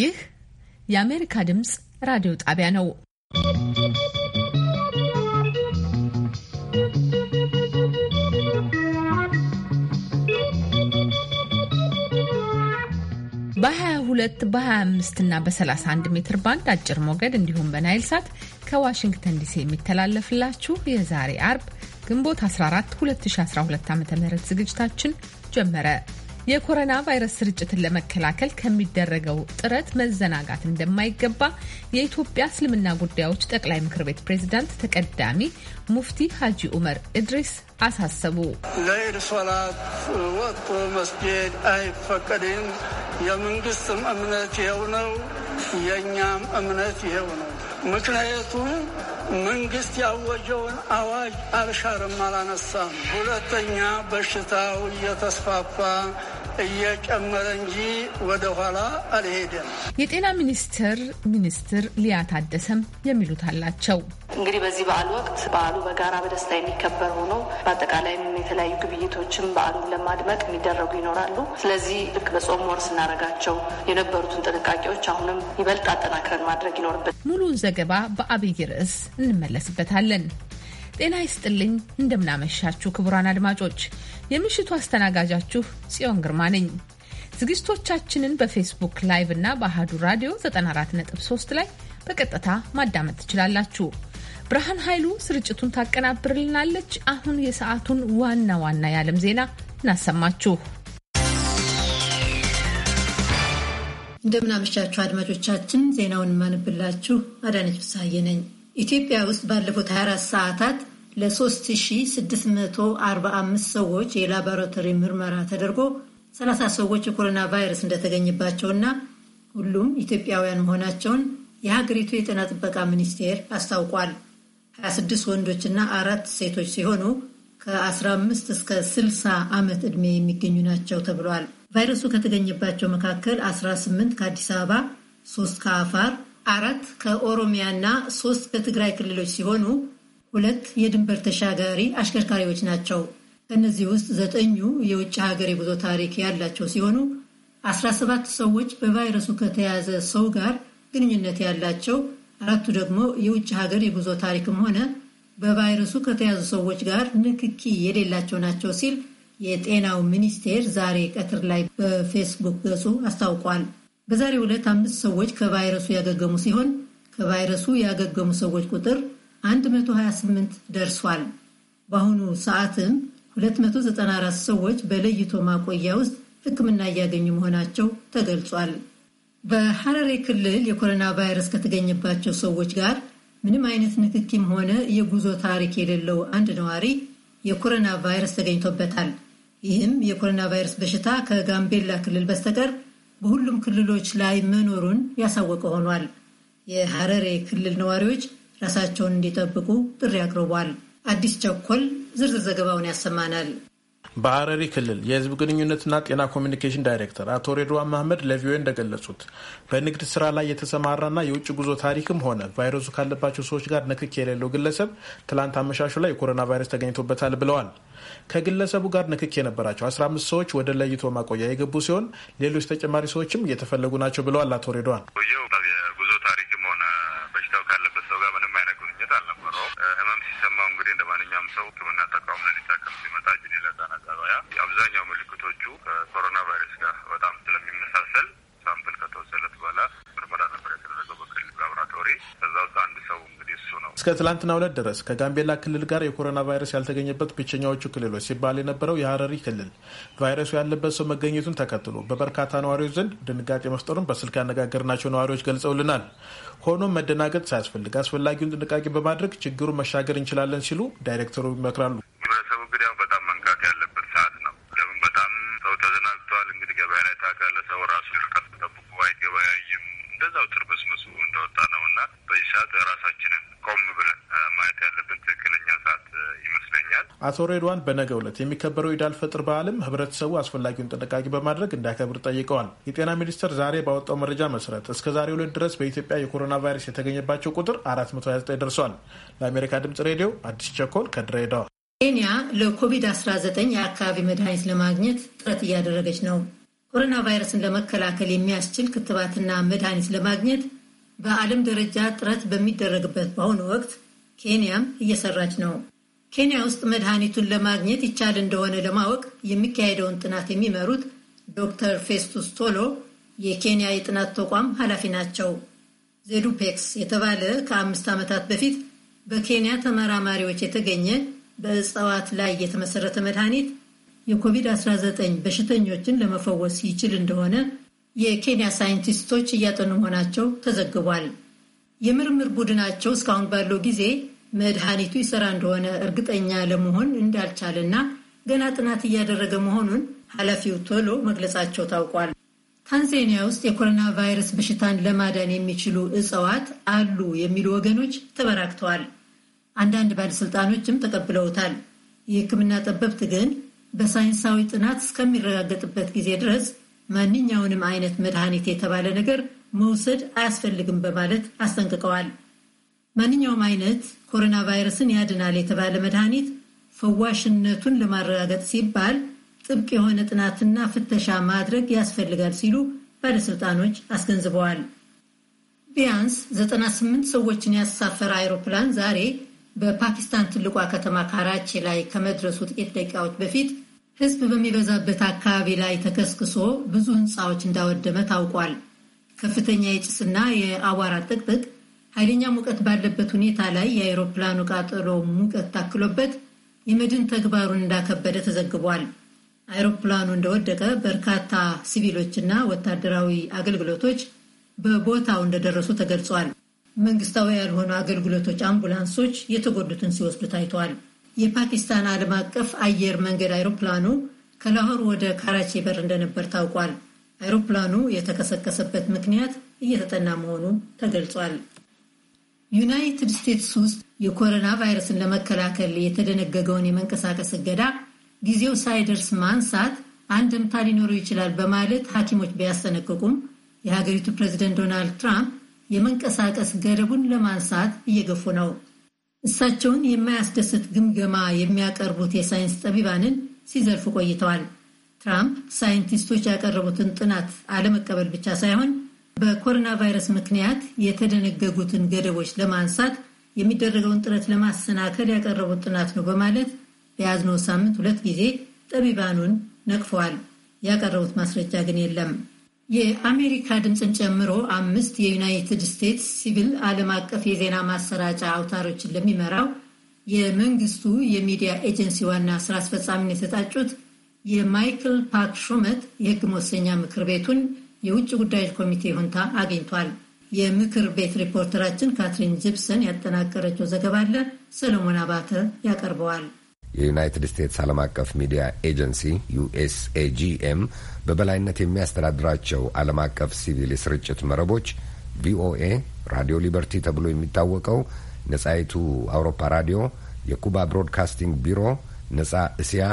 ይህ የአሜሪካ ድምፅ ራዲዮ ጣቢያ ነው። በ22 በ25 እና በ31 ሜትር ባንድ አጭር ሞገድ እንዲሁም በናይል ሳት ከዋሽንግተን ዲሲ የሚተላለፍላችሁ የዛሬ አርብ ግንቦት 14 2012 ዓ ም ዝግጅታችን ጀመረ። የኮሮና ቫይረስ ስርጭትን ለመከላከል ከሚደረገው ጥረት መዘናጋት እንደማይገባ የኢትዮጵያ እስልምና ጉዳዮች ጠቅላይ ምክር ቤት ፕሬዝዳንት ተቀዳሚ ሙፍቲ ሀጂ ኡመር እድሪስ አሳሰቡ። ለኢድ ሶላት ወጥቶ መስጊድ አይፈቀድም። የመንግስትም እምነት ይኸው ነው፣ የእኛም እምነት ይኸው ነው። ምክንያቱ መንግስት ያወጀውን አዋጅ አልሻርም አላነሳም። ሁለተኛ በሽታው እየተስፋፋ እየጨመረ እንጂ ወደ ኋላ አልሄደም። የጤና ሚኒስቴር ሚኒስትር ሊያ ታደሰም የሚሉት አላቸው። እንግዲህ በዚህ በዓል ወቅት በዓሉ በጋራ በደስታ የሚከበር ሆኖ በአጠቃላይም የተለያዩ ግብይቶችም በዓሉን ለማድመቅ የሚደረጉ ይኖራሉ። ስለዚህ ልክ በጾም ወር ስናደርጋቸው የነበሩትን ጥንቃቄዎች አሁንም ይበልጥ አጠናክረን ማድረግ ይኖርበት። ሙሉ ዘገባ በአብይ ርዕስ እንመለስበታለን። ጤና ይስጥልኝ። እንደምናመሻችሁ ክቡራን አድማጮች፣ የምሽቱ አስተናጋጃችሁ ጽዮን ግርማ ነኝ። ዝግጅቶቻችንን በፌስቡክ ላይቭ እና በአህዱ ራዲዮ 94.3 ላይ በቀጥታ ማዳመጥ ትችላላችሁ። ብርሃን ኃይሉ ስርጭቱን ታቀናብርልናለች። አሁን የሰዓቱን ዋና ዋና የዓለም ዜና እናሰማችሁ። እንደምናመሻችሁ አድማጮቻችን፣ ዜናውን ማንብላችሁ አዳነች ፍሳሐዬ ነኝ። ኢትዮጵያ ውስጥ ባለፉት 24 ሰዓታት ለ3645 ሰዎች የላቦራቶሪ ምርመራ ተደርጎ 30 ሰዎች የኮሮና ቫይረስ እንደተገኘባቸውና ሁሉም ኢትዮጵያውያን መሆናቸውን የሀገሪቱ የጤና ጥበቃ ሚኒስቴር አስታውቋል። 26 ወንዶችና አራት ሴቶች ሲሆኑ ከ15 እስከ 60 ዓመት ዕድሜ የሚገኙ ናቸው ተብሏል። ቫይረሱ ከተገኘባቸው መካከል 18 ከአዲስ አበባ፣ 3 ከአፋር፣ አራት ከኦሮሚያ እና 3 ከትግራይ ክልሎች ሲሆኑ ሁለት የድንበር ተሻጋሪ አሽከርካሪዎች ናቸው። ከእነዚህ ውስጥ ዘጠኙ የውጭ ሀገር የጉዞ ታሪክ ያላቸው ሲሆኑ 17 ሰዎች በቫይረሱ ከተያዘ ሰው ጋር ግንኙነት ያላቸው፣ አራቱ ደግሞ የውጭ ሀገር የጉዞ ታሪክም ሆነ በቫይረሱ ከተያዙ ሰዎች ጋር ንክኪ የሌላቸው ናቸው ሲል የጤናው ሚኒስቴር ዛሬ ቀትር ላይ በፌስቡክ ገጹ አስታውቋል። በዛሬው ዕለት አምስት ሰዎች ከቫይረሱ ያገገሙ ሲሆን ከቫይረሱ ያገገሙ ሰዎች ቁጥር 128 ደርሷል። በአሁኑ ሰዓትም 294 ሰዎች በለይቶ ማቆያ ውስጥ ሕክምና እያገኙ መሆናቸው ተገልጿል። በሐረሬ ክልል የኮሮና ቫይረስ ከተገኘባቸው ሰዎች ጋር ምንም አይነት ንክኪም ሆነ የጉዞ ታሪክ የሌለው አንድ ነዋሪ የኮሮና ቫይረስ ተገኝቶበታል። ይህም የኮሮና ቫይረስ በሽታ ከጋምቤላ ክልል በስተቀር በሁሉም ክልሎች ላይ መኖሩን ያሳወቀ ሆኗል። የሐረሬ ክልል ነዋሪዎች ራሳቸውን እንዲጠብቁ ጥሪ አቅርቧል። አዲስ ቸኮል ዝርዝር ዘገባውን ያሰማናል። በሐረሪ ክልል የህዝብ ግንኙነትና ጤና ኮሚኒኬሽን ዳይሬክተር አቶ ሬድዋን ማህመድ ለቪኦኤ እንደገለጹት በንግድ ስራ ላይ የተሰማራና የውጭ ጉዞ ታሪክም ሆነ ቫይረሱ ካለባቸው ሰዎች ጋር ንክክ የሌለው ግለሰብ ትላንት አመሻሹ ላይ የኮሮና ቫይረስ ተገኝቶበታል ብለዋል። ከግለሰቡ ጋር ንክክ የነበራቸው 15 ሰዎች ወደ ለይቶ ማቆያ የገቡ ሲሆን ሌሎች ተጨማሪ ሰዎችም እየተፈለጉ ናቸው ብለዋል አቶ ሬድዋን እስከ ትላንትና ሁለት ድረስ ከጋምቤላ ክልል ጋር የኮሮና ቫይረስ ያልተገኘበት ብቸኛዎቹ ክልሎች ሲባል የነበረው የሀረሪ ክልል ቫይረሱ ያለበት ሰው መገኘቱን ተከትሎ በበርካታ ነዋሪዎች ዘንድ ድንጋጤ መፍጠሩን በስልክ ያነጋገርናቸው ነዋሪዎች ገልጸውልናል። ሆኖም መደናገጥ ሳያስፈልግ አስፈላጊውን ጥንቃቄ በማድረግ ችግሩን መሻገር እንችላለን ሲሉ ዳይሬክተሩ ይመክራሉ። አቶ ሬድዋን በነገ ዕለት የሚከበረው ኢዳል ፈጥር በዓልም ህብረተሰቡ አስፈላጊውን ጥንቃቄ በማድረግ እንዲያከብር ጠይቀዋል። የጤና ሚኒስቴር ዛሬ ባወጣው መረጃ መሰረት እስከ ዛሬ ሁለት ድረስ በኢትዮጵያ የኮሮና ቫይረስ የተገኘባቸው ቁጥር 429 ደርሷል። ለአሜሪካ ድምጽ ሬዲዮ አዲስ ቸኮል ከድሬዳዋ። ኬንያ ለኮቪድ-19 የአካባቢ መድኃኒት ለማግኘት ጥረት እያደረገች ነው። ኮሮና ቫይረስን ለመከላከል የሚያስችል ክትባትና መድኃኒት ለማግኘት በዓለም ደረጃ ጥረት በሚደረግበት በአሁኑ ወቅት ኬንያም እየሰራች ነው። ኬንያ ውስጥ መድኃኒቱን ለማግኘት ይቻል እንደሆነ ለማወቅ የሚካሄደውን ጥናት የሚመሩት ዶክተር ፌስቱስ ቶሎ የኬንያ የጥናት ተቋም ኃላፊ ናቸው። ዜዱፔክስ የተባለ ከአምስት ዓመታት በፊት በኬንያ ተመራማሪዎች የተገኘ በእጽዋት ላይ የተመሰረተ መድኃኒት የኮቪድ-19 በሽተኞችን ለመፈወስ ይችል እንደሆነ የኬንያ ሳይንቲስቶች እያጠኑ መሆናቸው ተዘግቧል። የምርምር ቡድናቸው እስካሁን ባለው ጊዜ መድኃኒቱ ይሰራ እንደሆነ እርግጠኛ ለመሆን እንዳልቻለና ገና ጥናት እያደረገ መሆኑን ኃላፊው ቶሎ መግለጻቸው ታውቋል። ታንዛኒያ ውስጥ የኮሮና ቫይረስ በሽታን ለማዳን የሚችሉ እጽዋት አሉ የሚሉ ወገኖች ተበራክተዋል። አንዳንድ ባለሥልጣኖችም ተቀብለውታል። የሕክምና ጠበብት ግን በሳይንሳዊ ጥናት እስከሚረጋገጥበት ጊዜ ድረስ ማንኛውንም አይነት መድኃኒት የተባለ ነገር መውሰድ አያስፈልግም በማለት አስጠንቅቀዋል። ማንኛውም አይነት ኮሮና ቫይረስን ያድናል የተባለ መድኃኒት ፈዋሽነቱን ለማረጋገጥ ሲባል ጥብቅ የሆነ ጥናትና ፍተሻ ማድረግ ያስፈልጋል ሲሉ ባለሥልጣኖች አስገንዝበዋል። ቢያንስ 98 ሰዎችን ያሳፈረ አይሮፕላን ዛሬ በፓኪስታን ትልቋ ከተማ ካራቺ ላይ ከመድረሱ ጥቂት ደቂቃዎች በፊት ሕዝብ በሚበዛበት አካባቢ ላይ ተከስክሶ ብዙ ሕንፃዎች እንዳወደመ ታውቋል። ከፍተኛ የጭስና የአቧራ ጥቅጥቅ ኃይለኛ ሙቀት ባለበት ሁኔታ ላይ የአውሮፕላኑ ቃጠሎ ሙቀት ታክሎበት የመድን ተግባሩን እንዳከበደ ተዘግቧል። አውሮፕላኑ እንደወደቀ በርካታ ሲቪሎችና ወታደራዊ አገልግሎቶች በቦታው እንደደረሱ ተገልጿል። መንግስታዊ ያልሆኑ አገልግሎቶች አምቡላንሶች የተጎዱትን ሲወስዱ ታይተዋል። የፓኪስታን ዓለም አቀፍ አየር መንገድ አይሮፕላኑ ከላሆር ወደ ካራቺ በር እንደነበር ታውቋል። አይሮፕላኑ የተከሰከሰበት ምክንያት እየተጠና መሆኑ ተገልጿል። ዩናይትድ ስቴትስ ውስጥ የኮሮና ቫይረስን ለመከላከል የተደነገገውን የመንቀሳቀስ እገዳ ጊዜው ሳይደርስ ማንሳት አንድምታ ሊኖረው ይችላል በማለት ሐኪሞች ቢያስጠነቅቁም የሀገሪቱ ፕሬዚደንት ዶናልድ ትራምፕ የመንቀሳቀስ ገደቡን ለማንሳት እየገፉ ነው። እሳቸውን የማያስደስት ግምገማ የሚያቀርቡት የሳይንስ ጠቢባንን ሲዘርፉ ቆይተዋል። ትራምፕ ሳይንቲስቶች ያቀረቡትን ጥናት አለመቀበል ብቻ ሳይሆን በኮሮና ቫይረስ ምክንያት የተደነገጉትን ገደቦች ለማንሳት የሚደረገውን ጥረት ለማሰናከል ያቀረቡት ጥናት ነው በማለት በያዝነው ሳምንት ሁለት ጊዜ ጠቢባኑን ነቅፈዋል። ያቀረቡት ማስረጃ ግን የለም። የአሜሪካ ድምፅን ጨምሮ አምስት የዩናይትድ ስቴትስ ሲቪል ዓለም አቀፍ የዜና ማሰራጫ አውታሮችን ለሚመራው የመንግስቱ የሚዲያ ኤጀንሲ ዋና ስራ አስፈጻሚን የተጣጩት የማይክል ፓክ ሹመት የህግ መወሰኛ ምክር ቤቱን የውጭ ጉዳዮች ኮሚቴ ሁንታ አግኝቷል። የምክር ቤት ሪፖርተራችን ካትሪን ጂፕሰን ያጠናቀረችው ዘገባ አለ። ሰለሞን አባተ ያቀርበዋል። የዩናይትድ ስቴትስ ዓለም አቀፍ ሚዲያ ኤጀንሲ ዩኤስኤጂኤም በበላይነት የሚያስተዳድራቸው ዓለም አቀፍ ሲቪል የስርጭት መረቦች ቪኦኤ፣ ራዲዮ ሊበርቲ ተብሎ የሚታወቀው ነጻይቱ አውሮፓ ራዲዮ፣ የኩባ ብሮድካስቲንግ ቢሮ፣ ነጻ እስያ፣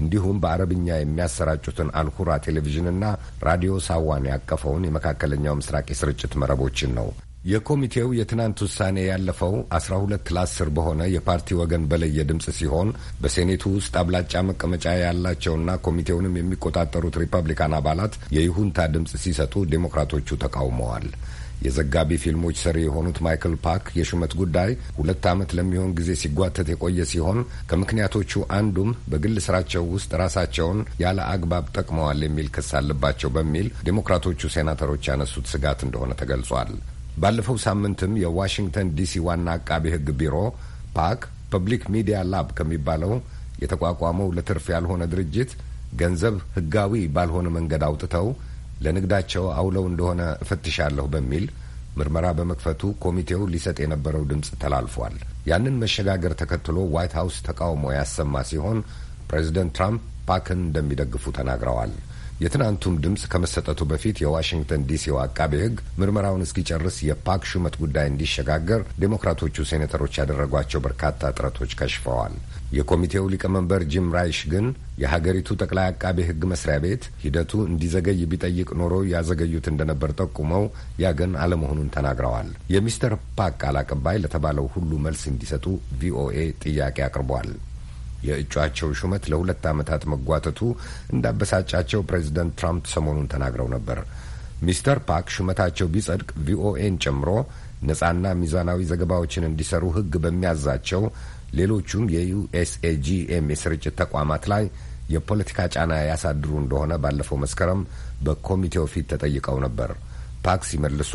እንዲሁም በአረብኛ የሚያሰራጩትን አልሁራ ቴሌቪዥንና ራዲዮ ሳዋን ያቀፈውን የመካከለኛው ምስራቅ የስርጭት መረቦችን ነው። የኮሚቴው የትናንት ውሳኔ ያለፈው 12 10ር በሆነ የፓርቲ ወገን በለየ ድምፅ ሲሆን በሴኔቱ ውስጥ አብላጫ መቀመጫ ያላቸውና ኮሚቴውንም የሚቆጣጠሩት ሪፐብሊካን አባላት የይሁንታ ድምፅ ሲሰጡ ዴሞክራቶቹ ተቃውመዋል። የዘጋቢ ፊልሞች ሰሪ የሆኑት ማይክል ፓክ የሹመት ጉዳይ ሁለት ዓመት ለሚሆን ጊዜ ሲጓተት የቆየ ሲሆን ከምክንያቶቹ አንዱም በግል ስራቸው ውስጥ ራሳቸውን ያለ አግባብ ጠቅመዋል የሚል ክስ አለባቸው በሚል ዴሞክራቶቹ ሴናተሮች ያነሱት ስጋት እንደሆነ ተገልጿል። ባለፈው ሳምንትም የዋሽንግተን ዲሲ ዋና አቃቤ ሕግ ቢሮ ፓክ ፐብሊክ ሚዲያ ላብ ከሚባለው የተቋቋመው ለትርፍ ያልሆነ ድርጅት ገንዘብ ህጋዊ ባልሆነ መንገድ አውጥተው ለንግዳቸው አውለው እንደሆነ እፈትሻለሁ በሚል ምርመራ በመክፈቱ ኮሚቴው ሊሰጥ የነበረው ድምፅ ተላልፏል። ያንን መሸጋገር ተከትሎ ዋይት ሀውስ ተቃውሞ ያሰማ ሲሆን ፕሬዚደንት ትራምፕ ፓክን እንደሚደግፉ ተናግረዋል። የትናንቱም ድምፅ ከመሰጠቱ በፊት የዋሽንግተን ዲሲው አቃቤ ሕግ ምርመራውን እስኪጨርስ የፓክ ሹመት ጉዳይ እንዲሸጋገር ዴሞክራቶቹ ሴኔተሮች ያደረጓቸው በርካታ ጥረቶች ከሽፈዋል። የኮሚቴው ሊቀመንበር ጂም ራይሽ ግን የሀገሪቱ ጠቅላይ አቃቤ ሕግ መስሪያ ቤት ሂደቱ እንዲዘገይ ቢጠይቅ ኖሮ ያዘገዩት እንደነበር ጠቁመው ያ ግን አለመሆኑን ተናግረዋል። የሚስተር ፓክ ቃል አቀባይ ለተባለው ሁሉ መልስ እንዲሰጡ ቪኦኤ ጥያቄ አቅርቧል። የእጩአቸው ሹመት ለሁለት ዓመታት መጓተቱ እንዳበሳጫቸው ፕሬዚደንት ትራምፕ ሰሞኑን ተናግረው ነበር። ሚስተር ፓክ ሹመታቸው ቢጸድቅ ቪኦኤን ጨምሮ ነጻና ሚዛናዊ ዘገባዎችን እንዲሰሩ ሕግ በሚያዛቸው ሌሎቹም የዩኤስኤጂኤም የስርጭት ተቋማት ላይ የፖለቲካ ጫና ያሳድሩ እንደሆነ ባለፈው መስከረም በኮሚቴው ፊት ተጠይቀው ነበር። ፓክ ሲመልሱ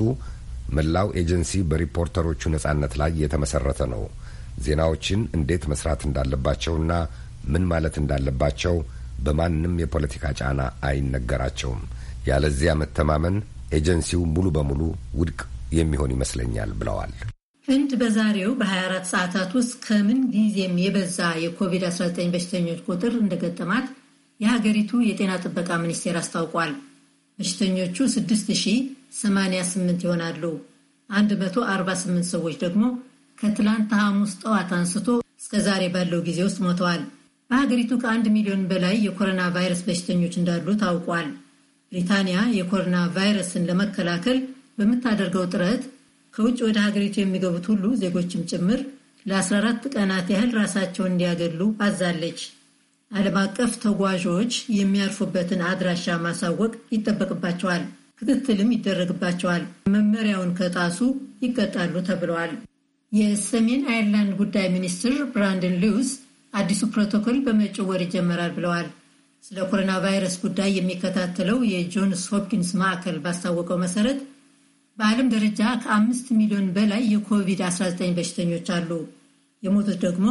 መላው ኤጀንሲ በሪፖርተሮቹ ነጻነት ላይ የተመሰረተ ነው ዜናዎችን እንዴት መስራት እንዳለባቸውና ምን ማለት እንዳለባቸው በማንም የፖለቲካ ጫና አይነገራቸውም። ያለዚያ መተማመን ኤጀንሲው ሙሉ በሙሉ ውድቅ የሚሆን ይመስለኛል ብለዋል። ህንድ በዛሬው በ24 ሰዓታት ውስጥ ከምን ጊዜም የበዛ የኮቪድ-19 በሽተኞች ቁጥር እንደገጠማት የሀገሪቱ የጤና ጥበቃ ሚኒስቴር አስታውቋል። በሽተኞቹ 6088 ይሆናሉ። 148 ሰዎች ደግሞ ከትላንት ሐሙስ ጠዋት አንስቶ እስከ ዛሬ ባለው ጊዜ ውስጥ ሞተዋል። በሀገሪቱ ከአንድ ሚሊዮን በላይ የኮሮና ቫይረስ በሽተኞች እንዳሉ ታውቋል። ብሪታንያ የኮሮና ቫይረስን ለመከላከል በምታደርገው ጥረት ከውጭ ወደ ሀገሪቱ የሚገቡት ሁሉ ዜጎችም ጭምር ለ14 ቀናት ያህል ራሳቸውን እንዲያገሉ አዛለች። ዓለም አቀፍ ተጓዦች የሚያርፉበትን አድራሻ ማሳወቅ ይጠበቅባቸዋል። ክትትልም ይደረግባቸዋል። መመሪያውን ከጣሱ ይቀጣሉ ተብለዋል። የሰሜን አይርላንድ ጉዳይ ሚኒስትር ብራንደን ሉዊስ አዲሱ ፕሮቶኮል በመጪው ወር ይጀመራል ብለዋል። ስለ ኮሮና ቫይረስ ጉዳይ የሚከታተለው የጆንስ ሆፕኪንስ ማዕከል ባስታወቀው መሰረት በዓለም ደረጃ ከአምስት ሚሊዮን በላይ የኮቪድ-19 በሽተኞች አሉ። የሞቱት ደግሞ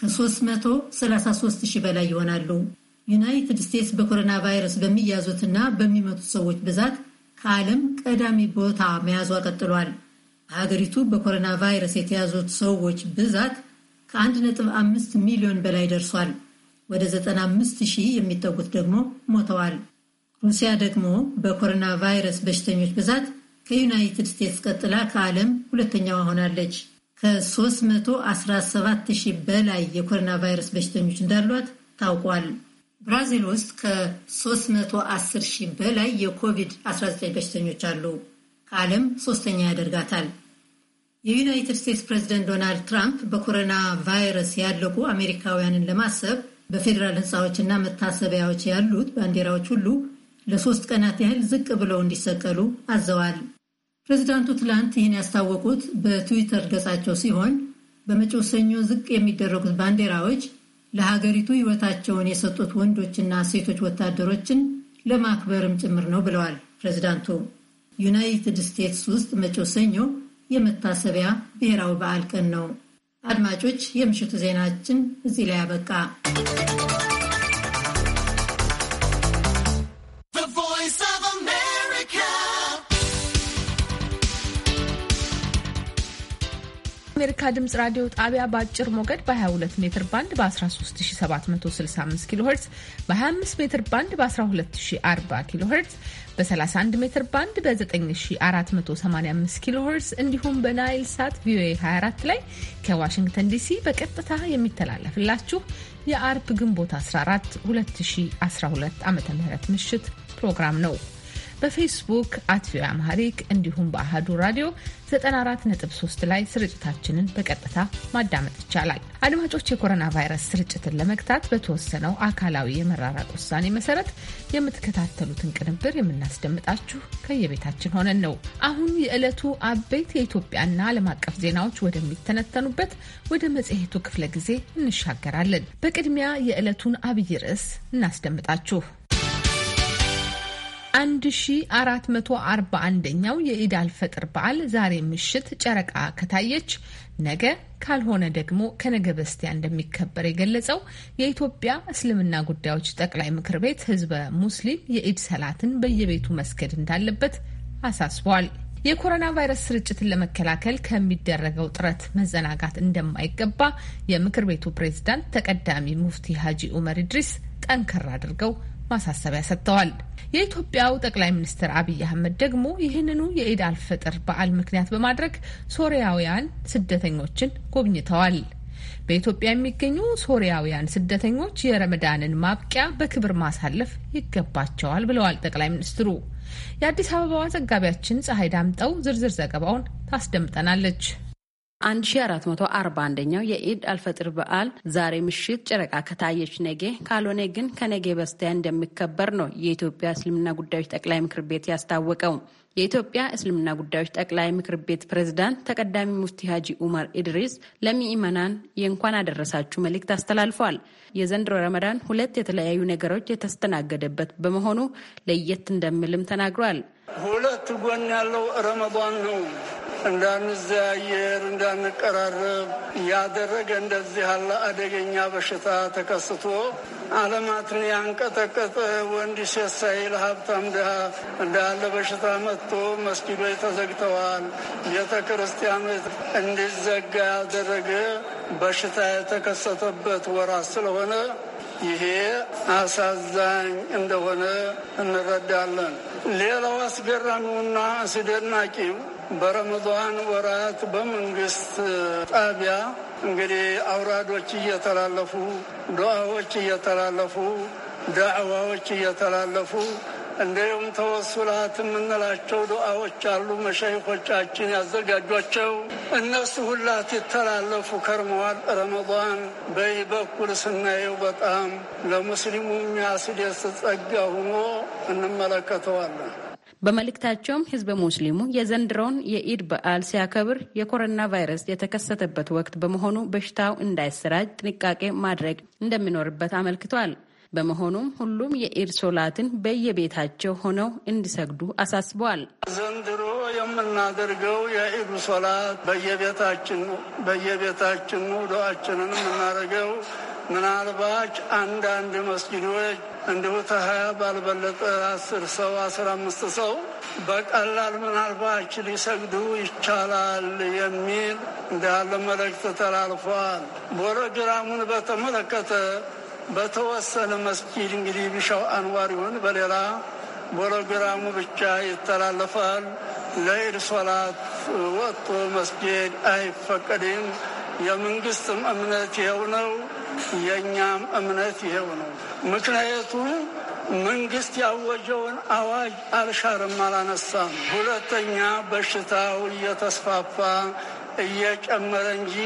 ከ333 ሺህ በላይ ይሆናሉ። ዩናይትድ ስቴትስ በኮሮና ቫይረስ በሚያዙትና በሚመቱት ሰዎች ብዛት ከዓለም ቀዳሚ ቦታ መያዟ ቀጥሏል። ሀገሪቱ በኮሮና ቫይረስ የተያዙት ሰዎች ብዛት ከ1.5 ሚሊዮን በላይ ደርሷል። ወደ 95 ሺህ የሚጠጉት ደግሞ ሞተዋል። ሩሲያ ደግሞ በኮሮና ቫይረስ በሽተኞች ብዛት ከዩናይትድ ስቴትስ ቀጥላ ከዓለም ሁለተኛዋ ሆናለች። ከ317 ሺህ በላይ የኮሮና ቫይረስ በሽተኞች እንዳሏት ታውቋል። ብራዚል ውስጥ ከ310 ሺህ በላይ የኮቪድ-19 በሽተኞች አሉ። ከዓለም ሶስተኛ ያደርጋታል። የዩናይትድ ስቴትስ ፕሬዚደንት ዶናልድ ትራምፕ በኮሮና ቫይረስ ያለቁ አሜሪካውያንን ለማሰብ በፌዴራል ህንፃዎችና መታሰቢያዎች ያሉት ባንዲራዎች ሁሉ ለሶስት ቀናት ያህል ዝቅ ብለው እንዲሰቀሉ አዘዋል። ፕሬዚዳንቱ ትላንት ይህን ያስታወቁት በትዊተር ገጻቸው ሲሆን በመጪው ሰኞ ዝቅ የሚደረጉት ባንዲራዎች ለሀገሪቱ ሕይወታቸውን የሰጡት ወንዶችና ሴቶች ወታደሮችን ለማክበርም ጭምር ነው ብለዋል ፕሬዚዳንቱ። ዩናይትድ ስቴትስ ውስጥ መጪው ሰኞ የመታሰቢያ ብሔራዊ በዓል ቀን ነው። አድማጮች፣ የምሽቱ ዜናችን እዚህ ላይ አበቃ። የአሜሪካ ድምጽ ራዲዮ ጣቢያ በአጭር ሞገድ በ22 ሜትር ባንድ በ13765 ኪሎ ሄርዝ በ25 ሜትር ባንድ በ1240 ኪሎ ሄርዝ በ31 ሜትር ባንድ በ9485 ኪሎ እንዲሁም በናይል ሳት ቪኦኤ 24 ላይ ከዋሽንግተን ዲሲ በቀጥታ የሚተላለፍላችሁ የአርብ ግንቦት 14 2012 ዓ ም ምሽት ፕሮግራም ነው። በፌስቡክ አት ቪኦኤ አምሃሪክ እንዲሁም በአህዱ ራዲዮ 94.3 ላይ ስርጭታችንን በቀጥታ ማዳመጥ ይቻላል። አድማጮች፣ የኮሮና ቫይረስ ስርጭትን ለመግታት በተወሰነው አካላዊ የመራራቅ ውሳኔ መሰረት የምትከታተሉትን ቅንብር የምናስደምጣችሁ ከየቤታችን ሆነን ነው። አሁን የዕለቱ አበይት የኢትዮጵያና ዓለም አቀፍ ዜናዎች ወደሚተነተኑበት ወደ መጽሔቱ ክፍለ ጊዜ እንሻገራለን። በቅድሚያ የዕለቱን አብይ ርዕስ እናስደምጣችሁ። 1441ኛው የኢዳል ፈጥር በዓል ዛሬ ምሽት ጨረቃ ከታየች ነገ ካልሆነ ደግሞ ከነገ በስቲያ እንደሚከበር የገለጸው የኢትዮጵያ እስልምና ጉዳዮች ጠቅላይ ምክር ቤት ህዝበ ሙስሊም የኢድ ሰላትን በየቤቱ መስገድ እንዳለበት አሳስቧል። የኮሮና ቫይረስ ስርጭትን ለመከላከል ከሚደረገው ጥረት መዘናጋት እንደማይገባ የምክር ቤቱ ፕሬዝዳንት ተቀዳሚ ሙፍቲ ሀጂ ኡመር ኢድሪስ ጠንከር አድርገው ማሳሰቢያ ሰጥተዋል። የኢትዮጵያው ጠቅላይ ሚኒስትር አብይ አህመድ ደግሞ ይህንኑ የኢድ አልፈጥር በዓል ምክንያት በማድረግ ሶሪያውያን ስደተኞችን ጎብኝተዋል። በኢትዮጵያ የሚገኙ ሶሪያውያን ስደተኞች የረመዳንን ማብቂያ በክብር ማሳለፍ ይገባቸዋል ብለዋል ጠቅላይ ሚኒስትሩ። የአዲስ አበባዋ ዘጋቢያችን ፀሐይ ዳምጠው ዝርዝር ዘገባውን ታስደምጠናለች። 1441ኛው የኢድ አልፈጥር በዓል ዛሬ ምሽት ጨረቃ ከታየች ነገ፣ ካልሆነ ግን ከነገ በስቲያ እንደሚከበር ነው የኢትዮጵያ እስልምና ጉዳዮች ጠቅላይ ምክር ቤት ያስታወቀው። የኢትዮጵያ እስልምና ጉዳዮች ጠቅላይ ምክር ቤት ፕሬዝዳንት ተቀዳሚ ሙፍቲ ሀጂ ኡመር ኢድሪስ ለሚኢመናን የእንኳን አደረሳችሁ መልእክት አስተላልፈዋል። የዘንድሮ ረመዳን ሁለት የተለያዩ ነገሮች የተስተናገደበት በመሆኑ ለየት እንደሚልም ተናግሯል። ሁለት ጎን ያለው ረመዷን ነው። እንዳንዘያየር እንዳንቀራረብ ያደረገ እንደዚህ ያለ አደገኛ በሽታ ተከስቶ ዓለማትን ያንቀጠቀጠ ወንድ ሴት ሳይል ሀብታም ድሃ እንዳለ በሽታ መጥቶ መስጊዶች ተዘግተዋል፣ ቤተ ክርስቲያኑ እንዲዘጋ ያደረገ በሽታ የተከሰተበት ወራት ስለሆነ ይሄ አሳዛኝ እንደሆነ እንረዳለን። ሌላው አስገራሚውና አስደናቂው በረመዷን ወራት በመንግስት ጣቢያ እንግዲህ አውራዶች እየተላለፉ ዱዓዎች እየተላለፉ ዳዕዋዎች እየተላለፉ እንዲሁም ተወሱላት የምንላቸው ዱዓዎች አሉ። መሻይኮቻችን ያዘጋጇቸው እነሱ ሁላት ይተላለፉ ከርመዋል። ረመዳን በይ በኩል ስናየው በጣም ለሙስሊሙ የሚያስደስት ጸጋ ሆኖ እንመለከተዋለን። በመልእክታቸውም ህዝበ ሙስሊሙ የዘንድሮውን የኢድ በዓል ሲያከብር የኮሮና ቫይረስ የተከሰተበት ወቅት በመሆኑ በሽታው እንዳይሰራጭ ጥንቃቄ ማድረግ እንደሚኖርበት አመልክቷል። በመሆኑም ሁሉም የኢድ ሶላትን በየቤታቸው ሆነው እንዲሰግዱ አሳስበዋል። ዘንድሮ የምናደርገው የኢድ ሶላት በየቤታችን በየቤታችን ዱዓችንን የምናደርገው ምናልባች አንዳንድ መስጊዶች እንዲሁ ተሀያ ባልበለጠ አስር ሰው አስራ አምስት ሰው በቀላል ምናልባች ሊሰግዱ ይቻላል የሚል እንዳለ መልእክት ተላልፏል። ፕሮግራሙን በተመለከተ በተወሰነ መስጊድ እንግዲህ ቢሻው አንዋር ይሁን በሌላ ፕሮግራሙ ብቻ ይተላለፋል። ለኢድ ሶላት ወጥቶ መስጊድ አይፈቀድም። የመንግስትም እምነት ይኸው ነው፣ የእኛም እምነት ይኸው ነው። ምክንያቱ መንግስት ያወጀውን አዋጅ አልሻርም፣ አላነሳም። ሁለተኛ በሽታው እየተስፋፋ እየጨመረ እንጂ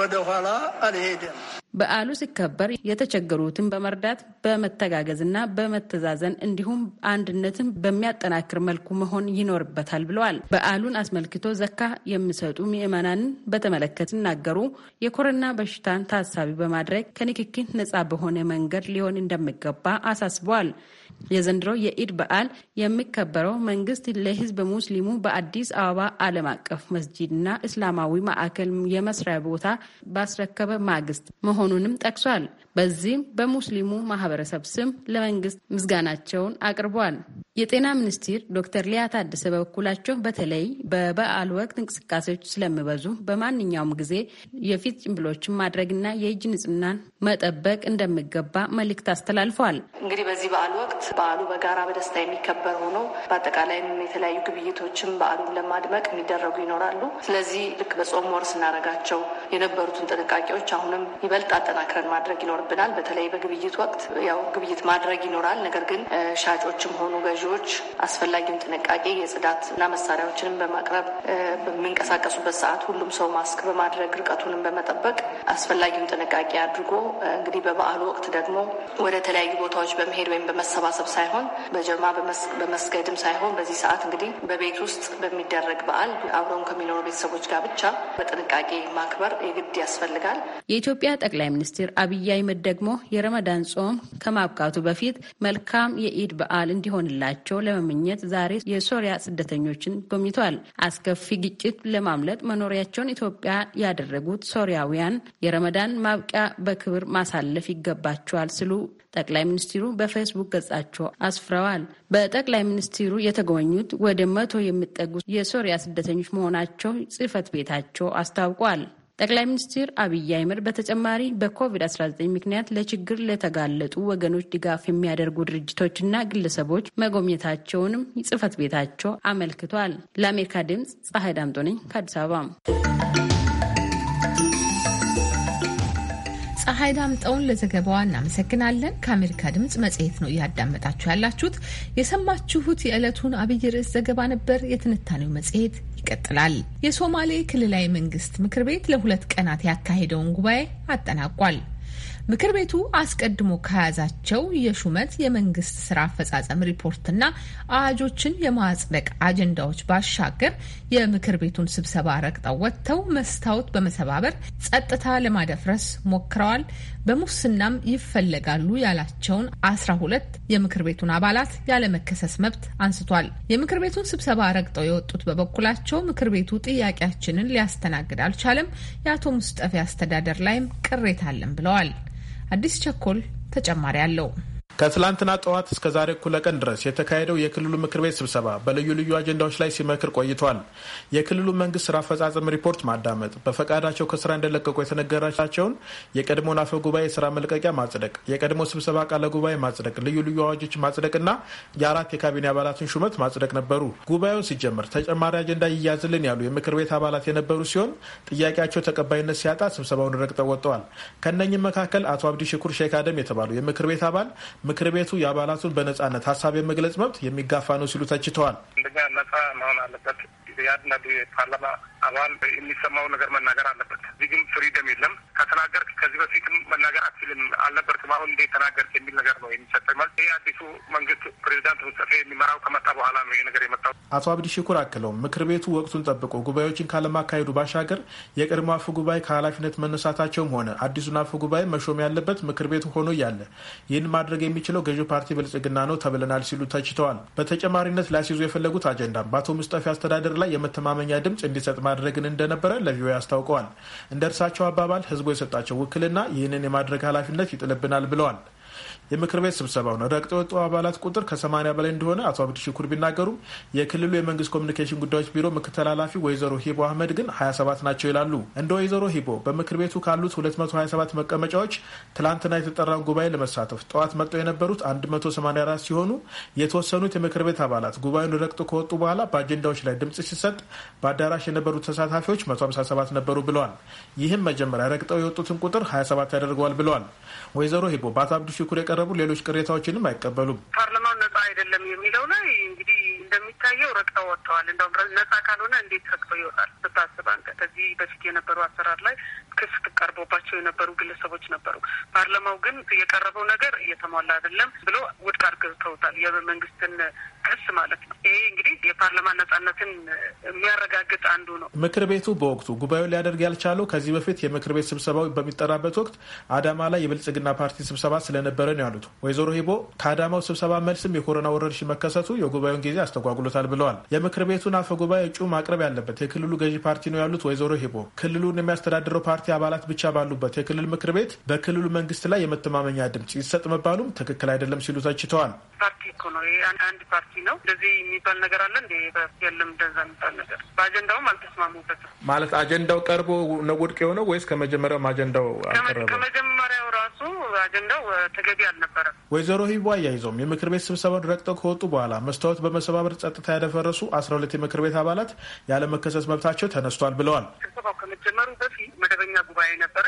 ወደ ኋላ አልሄደም። በዓሉ ሲከበር የተቸገሩትን በመርዳት በመተጋገዝና በመተዛዘን እንዲሁም አንድነትን በሚያጠናክር መልኩ መሆን ይኖርበታል ብለዋል። በዓሉን አስመልክቶ ዘካ የሚሰጡ ምዕመናንን በተመለከት ሲናገሩ የኮሮና በሽታን ታሳቢ በማድረግ ከንክኪ ነጻ በሆነ መንገድ ሊሆን እንደሚገባ አሳስበዋል። የዘንድሮ የኢድ በዓል የሚከበረው መንግስት ለህዝብ ሙስሊሙ በአዲስ አበባ ዓለም አቀፍ መስጂድና እስላማዊ ማዕከል የመስሪያ ቦታ ባስረከበ ማግስት መሆ መሆኑንም ጠቅሷል። በዚህም በሙስሊሙ ማህበረሰብ ስም ለመንግስት ምስጋናቸውን አቅርቧል። የጤና ሚኒስትር ዶክተር ሊያ ታደሰ በበኩላቸው በተለይ በበዓል ወቅት እንቅስቃሴዎች ስለሚበዙ በማንኛውም ጊዜ የፊት ጭንብሎችን ማድረግና የእጅ ንጽህናን መጠበቅ እንደሚገባ መልእክት አስተላልፏል። እንግዲህ በዚህ በዓል ወቅት በዓሉ በጋራ በደስታ የሚከበር ሆኖ በአጠቃላይም የተለያዩ ግብይቶችን በዓሉን ለማድመቅ የሚደረጉ ይኖራሉ። ስለዚህ ልክ በጾም ወር ስናደርጋቸው የነበሩትን ጥንቃቄዎች አሁንም ይበልጥ አጠናክረን ማድረግ ይኖራል። ይኖርብናል። በተለይ በግብይት ወቅት ያው ግብይት ማድረግ ይኖራል። ነገር ግን ሻጮችም ሆኑ ገዢዎች አስፈላጊውን ጥንቃቄ የጽዳትና መሳሪያዎችንም በማቅረብ በሚንቀሳቀሱበት ሰዓት ሁሉም ሰው ማስክ በማድረግ ርቀቱንም በመጠበቅ አስፈላጊውን ጥንቃቄ አድርጎ እንግዲህ በበዓሉ ወቅት ደግሞ ወደ ተለያዩ ቦታዎች በመሄድ ወይም በመሰባሰብ ሳይሆን በጀማ በመስገድም ሳይሆን በዚህ ሰዓት እንግዲህ በቤት ውስጥ በሚደረግ በዓል አብረውን ከሚኖሩ ቤተሰቦች ጋር ብቻ በጥንቃቄ ማክበር የግድ ያስፈልጋል። የኢትዮጵያ ጠቅላይ ሚኒስትር አብይ አህመድ ደግሞ የረመዳን ጾም ከማብቃቱ በፊት መልካም የኢድ በዓል እንዲሆንላቸው ለመመኘት ዛሬ የሶሪያ ስደተኞችን ጎብኝተዋል። አስከፊ ግጭት ለማምለጥ መኖሪያቸውን ኢትዮጵያ ያደረጉት ሶሪያውያን የረመዳን ማብቂያ በክብር ማሳለፍ ይገባቸዋል ሲሉ ጠቅላይ ሚኒስትሩ በፌስቡክ ገጻቸው አስፍረዋል። በጠቅላይ ሚኒስትሩ የተጎበኙት ወደ መቶ የሚጠጉ የሶሪያ ስደተኞች መሆናቸው ጽህፈት ቤታቸው አስታውቋል። ጠቅላይ ሚኒስትር አብይ አህመድ በተጨማሪ በኮቪድ-19 ምክንያት ለችግር ለተጋለጡ ወገኖች ድጋፍ የሚያደርጉ ድርጅቶችና ግለሰቦች መጎብኘታቸውንም ጽህፈት ቤታቸው አመልክቷል። ለአሜሪካ ድምፅ ፀሐይ ዳምጦ ነኝ ከአዲስ አበባ። ፀሐይ ዳምጠውን ለዘገባዋ እናመሰግናለን። ከአሜሪካ ድምፅ መጽሔት ነው እያዳመጣችሁ ያላችሁት። የሰማችሁት የዕለቱን አብይ ርዕስ ዘገባ ነበር። የትንታኔው መጽሔት ይቀጥላል። የሶማሌ ክልላዊ መንግስት ምክር ቤት ለሁለት ቀናት ያካሄደውን ጉባኤ አጠናቋል። ምክር ቤቱ አስቀድሞ ከያዛቸው የሹመት የመንግስት ስራ አፈጻጸም ሪፖርትና አዋጆችን የማጽደቅ አጀንዳዎች ባሻገር የምክር ቤቱን ስብሰባ ረግጠው ወጥተው መስታወት በመሰባበር ጸጥታ ለማደፍረስ ሞክረዋል። በሙስናም ይፈለጋሉ ያላቸውን አስራ ሁለት የምክር ቤቱን አባላት ያለመከሰስ መብት አንስቷል። የምክር ቤቱን ስብሰባ ረግጠው የወጡት በበኩላቸው ምክር ቤቱ ጥያቄያችንን ሊያስተናግድ አልቻለም፣ የአቶ ሙስጠፌ አስተዳደር ላይም ቅሬታ አለን ብለዋል። አዲስ ቸኮል ተጨማሪ አለው። ከትላንትና ጠዋት እስከ ዛሬ እኩለ ቀን ድረስ የተካሄደው የክልሉ ምክር ቤት ስብሰባ በልዩ ልዩ አጀንዳዎች ላይ ሲመክር ቆይቷል። የክልሉ መንግስት ስራ አፈጻጸም ሪፖርት ማዳመጥ፣ በፈቃዳቸው ከስራ እንደለቀቁ የተነገራቸውን የቀድሞን አፈ ጉባኤ የስራ መልቀቂያ ማጽደቅ፣ የቀድሞ ስብሰባ ቃለ ጉባኤ ማጽደቅ፣ ልዩ ልዩ አዋጆች ማጽደቅና የአራት የካቢኔ አባላትን ሹመት ማጽደቅ ነበሩ። ጉባኤው ሲጀመር ተጨማሪ አጀንዳ ይያዝልን ያሉ የምክር ቤት አባላት የነበሩ ሲሆን ጥያቄያቸው ተቀባይነት ሲያጣ ስብሰባውን ረግጠው ወጥተዋል። ከነኝም መካከል አቶ አብዲ ሽኩር ሼክ አደም የተባሉ የምክር ቤት አባል ምክር ቤቱ የአባላቱን በነጻነት ሀሳብ የመግለጽ መብት የሚጋፋ ነው ሲሉ ተችተዋል። አንደኛ ነጻ መሆን አለበት። የአንዳንዱ የፓርላማ አባል የሚሰማው ነገር መናገር አለበት። እዚህ ግን ፍሪደም የለም። ከተናገርክ ከዚህ በፊትም መናገር አትችልም አልነበርክም፣ አሁን እንዴት ተናገርክ የሚል ነገር ነው የሚሰጠኝ። ማለት ይህ አዲሱ መንግስት ፕሬዚዳንት ሙስጠፌ የሚመራው ከመጣ በኋላ ነው ይህ ነገር የመጣው። አቶ አብዲ ሽኩር አክለው ምክር ቤቱ ወቅቱን ጠብቆ ጉባኤዎችን ካለማካሄዱ ባሻገር የቅድሞ አፈ ጉባኤ ከኃላፊነት መነሳታቸውም ሆነ አዲሱን አፈ ጉባኤ መሾም ያለበት ምክር ቤቱ ሆኖ እያለ ይህን ማድረግ የሚችለው ገዢ ፓርቲ ብልጽግና ነው ተብለናል ሲሉ ተችተዋል። በተጨማሪነት ሊያስይዙ የፈለጉት አጀንዳም በአቶ ሙስጠፌ አስተዳደር ላይ የመተማመኛ ድምፅ እንዲሰጥ ማድረግን እንደነበረ ለቪኦኤ አስታውቀዋል። እንደ እርሳቸው አባባል ህዝቡ የሰጣቸው ውክልና ይህንን የማድረግ ኃላፊነት ይጥልብናል ብለዋል። የምክር ቤት ስብሰባውን ረግጠው የወጡ አባላት ቁጥር ከ80 በላይ እንደሆነ አቶ አብዱ ሽኩር ቢናገሩም የክልሉ የመንግስት ኮሚኒኬሽን ጉዳዮች ቢሮ ምክትል ኃላፊ ወይዘሮ ሂቦ አህመድ ግን 27 ናቸው ይላሉ። እንደ ወይዘሮ ሂቦ በምክር ቤቱ ካሉት 227 መቀመጫዎች ትላንትና የተጠራውን ጉባኤ ለመሳተፍ ጠዋት መጥተው የነበሩት 184 ሲሆኑ የተወሰኑት የምክር ቤት አባላት ጉባኤውን ረግጠው ከወጡ በኋላ በአጀንዳዎች ላይ ድምጽ ሲሰጥ በአዳራሽ የነበሩት ተሳታፊዎች 157 ነበሩ ብለዋል። ይህም መጀመሪያ ረግጠው የወጡትን ቁጥር 27 ያደርገዋል ብለዋል። ወይዘሮ ሂቦ በአቶ አብዱ ሽኩር የቀረ ያቀረቡ ሌሎች ቅሬታዎችንም አይቀበሉም። ፓርላማው ነጻ አይደለም የሚለው ላይ እንግዲህ እንደሚታየው ረግጠው ወጥተዋል። እንደውም ነጻ ካልሆነ እንዴት ረግጦ ይወጣል ስታስብ ከዚህ በፊት የነበሩ አሰራር ላይ ክስ ቀርቦባቸው የነበሩ ግለሰቦች ነበሩ። ፓርላማው ግን የቀረበው ነገር እየተሟላ አይደለም ብሎ ውድቅ አድርገውታል። የመንግስትን ክስ ማለት ነው። ይሄ እንግዲህ የፓርላማ ነጻነትን የሚያረጋግጥ አንዱ ነው። ምክር ቤቱ በወቅቱ ጉባኤው ሊያደርግ ያልቻለው ከዚህ በፊት የምክር ቤት ስብሰባው በሚጠራበት ወቅት አዳማ ላይ የብልጽግና ፓርቲ ስብሰባ ስለነበረ ነው ያሉት ወይዘሮ ሂቦ ከአዳማው ስብሰባ መልስም የኮሮና ወረርሽኝ መከሰቱ የጉባኤውን ጊዜ አስተጓጉሎታል ብለዋል። የምክር ቤቱን አፈ ጉባኤ እጩ ማቅረብ ያለበት የክልሉ ገዢ ፓርቲ ነው ያሉት ወይዘሮ ሂቦ ክልሉን የሚያስተዳድረው ፓርቲ አባላት ብቻ ባሉበት የክልል ምክር ቤት በክልሉ መንግስት ላይ የመተማመኛ ድምጽ ይሰጥ መባሉም ትክክል አይደለም ሲሉ ተችተዋል። ፓርቲ እኮ ነው አንድ ፓርቲ አመቺ ነው እንደዚህ የሚባል ነገር አለ እንዴ? የለም እንደዛ የሚባል ነገር በአጀንዳውም አልተስማሙበትም። ማለት አጀንዳው ቀርቦ ነው ውድቅ የሆነው ወይስ ከመጀመሪያውም አጀንዳው አልቀረበም? ከመጀመሪያው ራሱ አጀንዳው ተገቢ አልነበረም። ወይዘሮ ሂዋ አያይዘውም የምክር ቤት ስብሰባውን ረግጠው ከወጡ በኋላ መስታወት በመሰባበር ጸጥታ ያደፈረሱ አስራ ሁለት የምክር ቤት አባላት ያለመከሰስ መብታቸው ተነስቷል ብለዋል። ስብሰባው ከመጀመሩ በፊት መደበኛ ጉባኤ ነበረ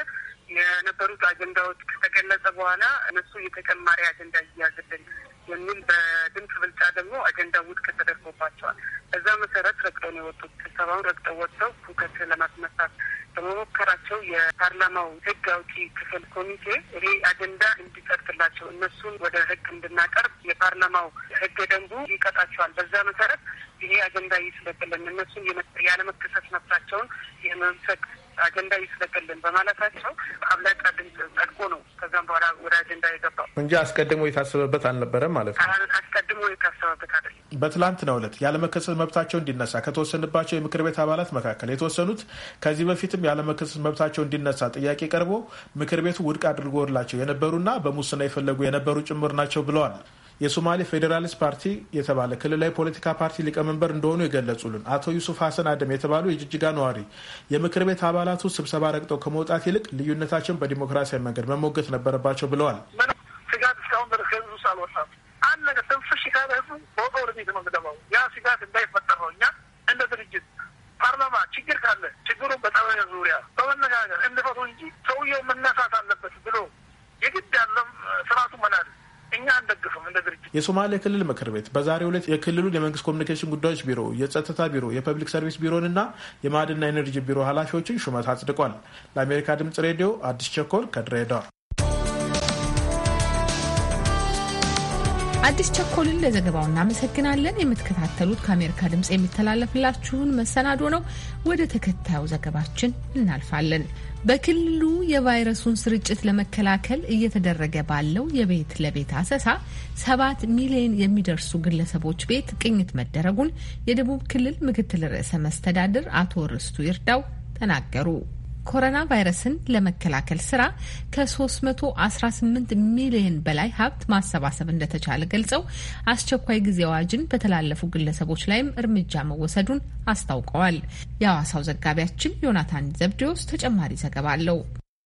የነበሩት አጀንዳዎች ከተገለጸ በኋላ እነሱ የተጨማሪ አጀንዳ እያዘልን የሚል በድምፅ ብልጫ ደግሞ አጀንዳ ውድቅ ተደርጎባቸዋል። በዛ መሰረት ረግጠው ነው የወጡት። ስብሰባውን ረግጠው ወጥተው ሁከት ለማስነሳት በመሞከራቸው የፓርላማው ሕግ አውጪ ክፍል ኮሚቴ ይሄ አጀንዳ እንዲጸድቅላቸው እነሱን ወደ ሕግ እንድናቀርብ የፓርላማው ሕገ ደንቡ ይቀጣቸዋል። በዛ መሰረት ይሄ አጀንዳ ይስለቅልን እነሱን ያለመከሰስ መብታቸውን የመንፈቅ አጀንዳ ይስለቅልን በማለታቸው አብላጫ ድምጽ ጸድቆ ነው ከዚያም በኋላ ወደ አጀንዳ የገባው እንጂ አስቀድሞ የታሰበበት አልነበረም ማለት ነው። አስቀድሞ የታሰበበት አይደለም። በትላንትናው ዕለት ያለመከሰስ መብታቸው እንዲነሳ ከተወሰንባቸው የምክር ቤት አባላት መካከል የተወሰኑት ከዚህ በፊትም ያለመከሰስ መብታቸው እንዲነሳ ጥያቄ ቀርቦ ምክር ቤቱ ውድቅ አድርጎላቸው የነበሩና በሙስና የፈለጉ የነበሩ ጭምር ናቸው ብለዋል። የሶማሌ ፌዴራሊስት ፓርቲ የተባለ ክልላዊ ፖለቲካ ፓርቲ ሊቀመንበር እንደሆኑ የገለጹልን አቶ ዩሱፍ ሀሰን አደም የተባሉ የጅጅጋ ነዋሪ የምክር ቤት አባላቱ ስብሰባ ረግጠው ከመውጣት ይልቅ ልዩነታቸውን በዲሞክራሲያዊ መንገድ መሞገት ነበረባቸው ብለዋል። ስጋት እስካሁን ድረስ ከህዝብ ውስጥ አልወጣም። ካለ ህዝቡ ነው የምገባው። ያ ስጋት እንዳይፈጠር ነው እኛ እንደ ድርጅት ፓርላማ ችግር ካለ ችግሩን በጠበኛ ዙሪያ በመነጋገር እንጂ ሰውየው መነሳት አለበት ብሎ የግድ ያለም ስርአቱ መናድ እኛ አንደግፍም እንደ ድርጅት። የሶማሌ ክልል ምክር ቤት በዛሬው ዕለት የክልሉን የመንግስት ኮሚኒኬሽን ጉዳዮች ቢሮ፣ የጸጥታ ቢሮ፣ የፐብሊክ ሰርቪስ ቢሮንና የማዕድንና ኤነርጂ ቢሮ ኃላፊዎችን ሹመት አጽድቋል። ለአሜሪካ ድምጽ ሬዲዮ አዲስ ቸኮል ከድሬዳዋ። አዲስ ቸኮልን ለዘገባው እናመሰግናለን። የምትከታተሉት ከአሜሪካ ድምፅ የሚተላለፍላችሁን መሰናዶ ነው። ወደ ተከታዩ ዘገባችን እናልፋለን። በክልሉ የቫይረሱን ስርጭት ለመከላከል እየተደረገ ባለው የቤት ለቤት አሰሳ ሰባት ሚሊዮን የሚደርሱ ግለሰቦች ቤት ቅኝት መደረጉን የደቡብ ክልል ምክትል ርዕሰ መስተዳድር አቶ ርስቱ ይርዳው ተናገሩ። ኮሮና ቫይረስን ለመከላከል ስራ ከ318 ሚሊዮን በላይ ሀብት ማሰባሰብ እንደተቻለ ገልጸው አስቸኳይ ጊዜ አዋጅን በተላለፉ ግለሰቦች ላይም እርምጃ መወሰዱን አስታውቀዋል። የሐዋሳው ዘጋቢያችን ዮናታን ዘብዴዎስ ተጨማሪ ዘገባ አለው።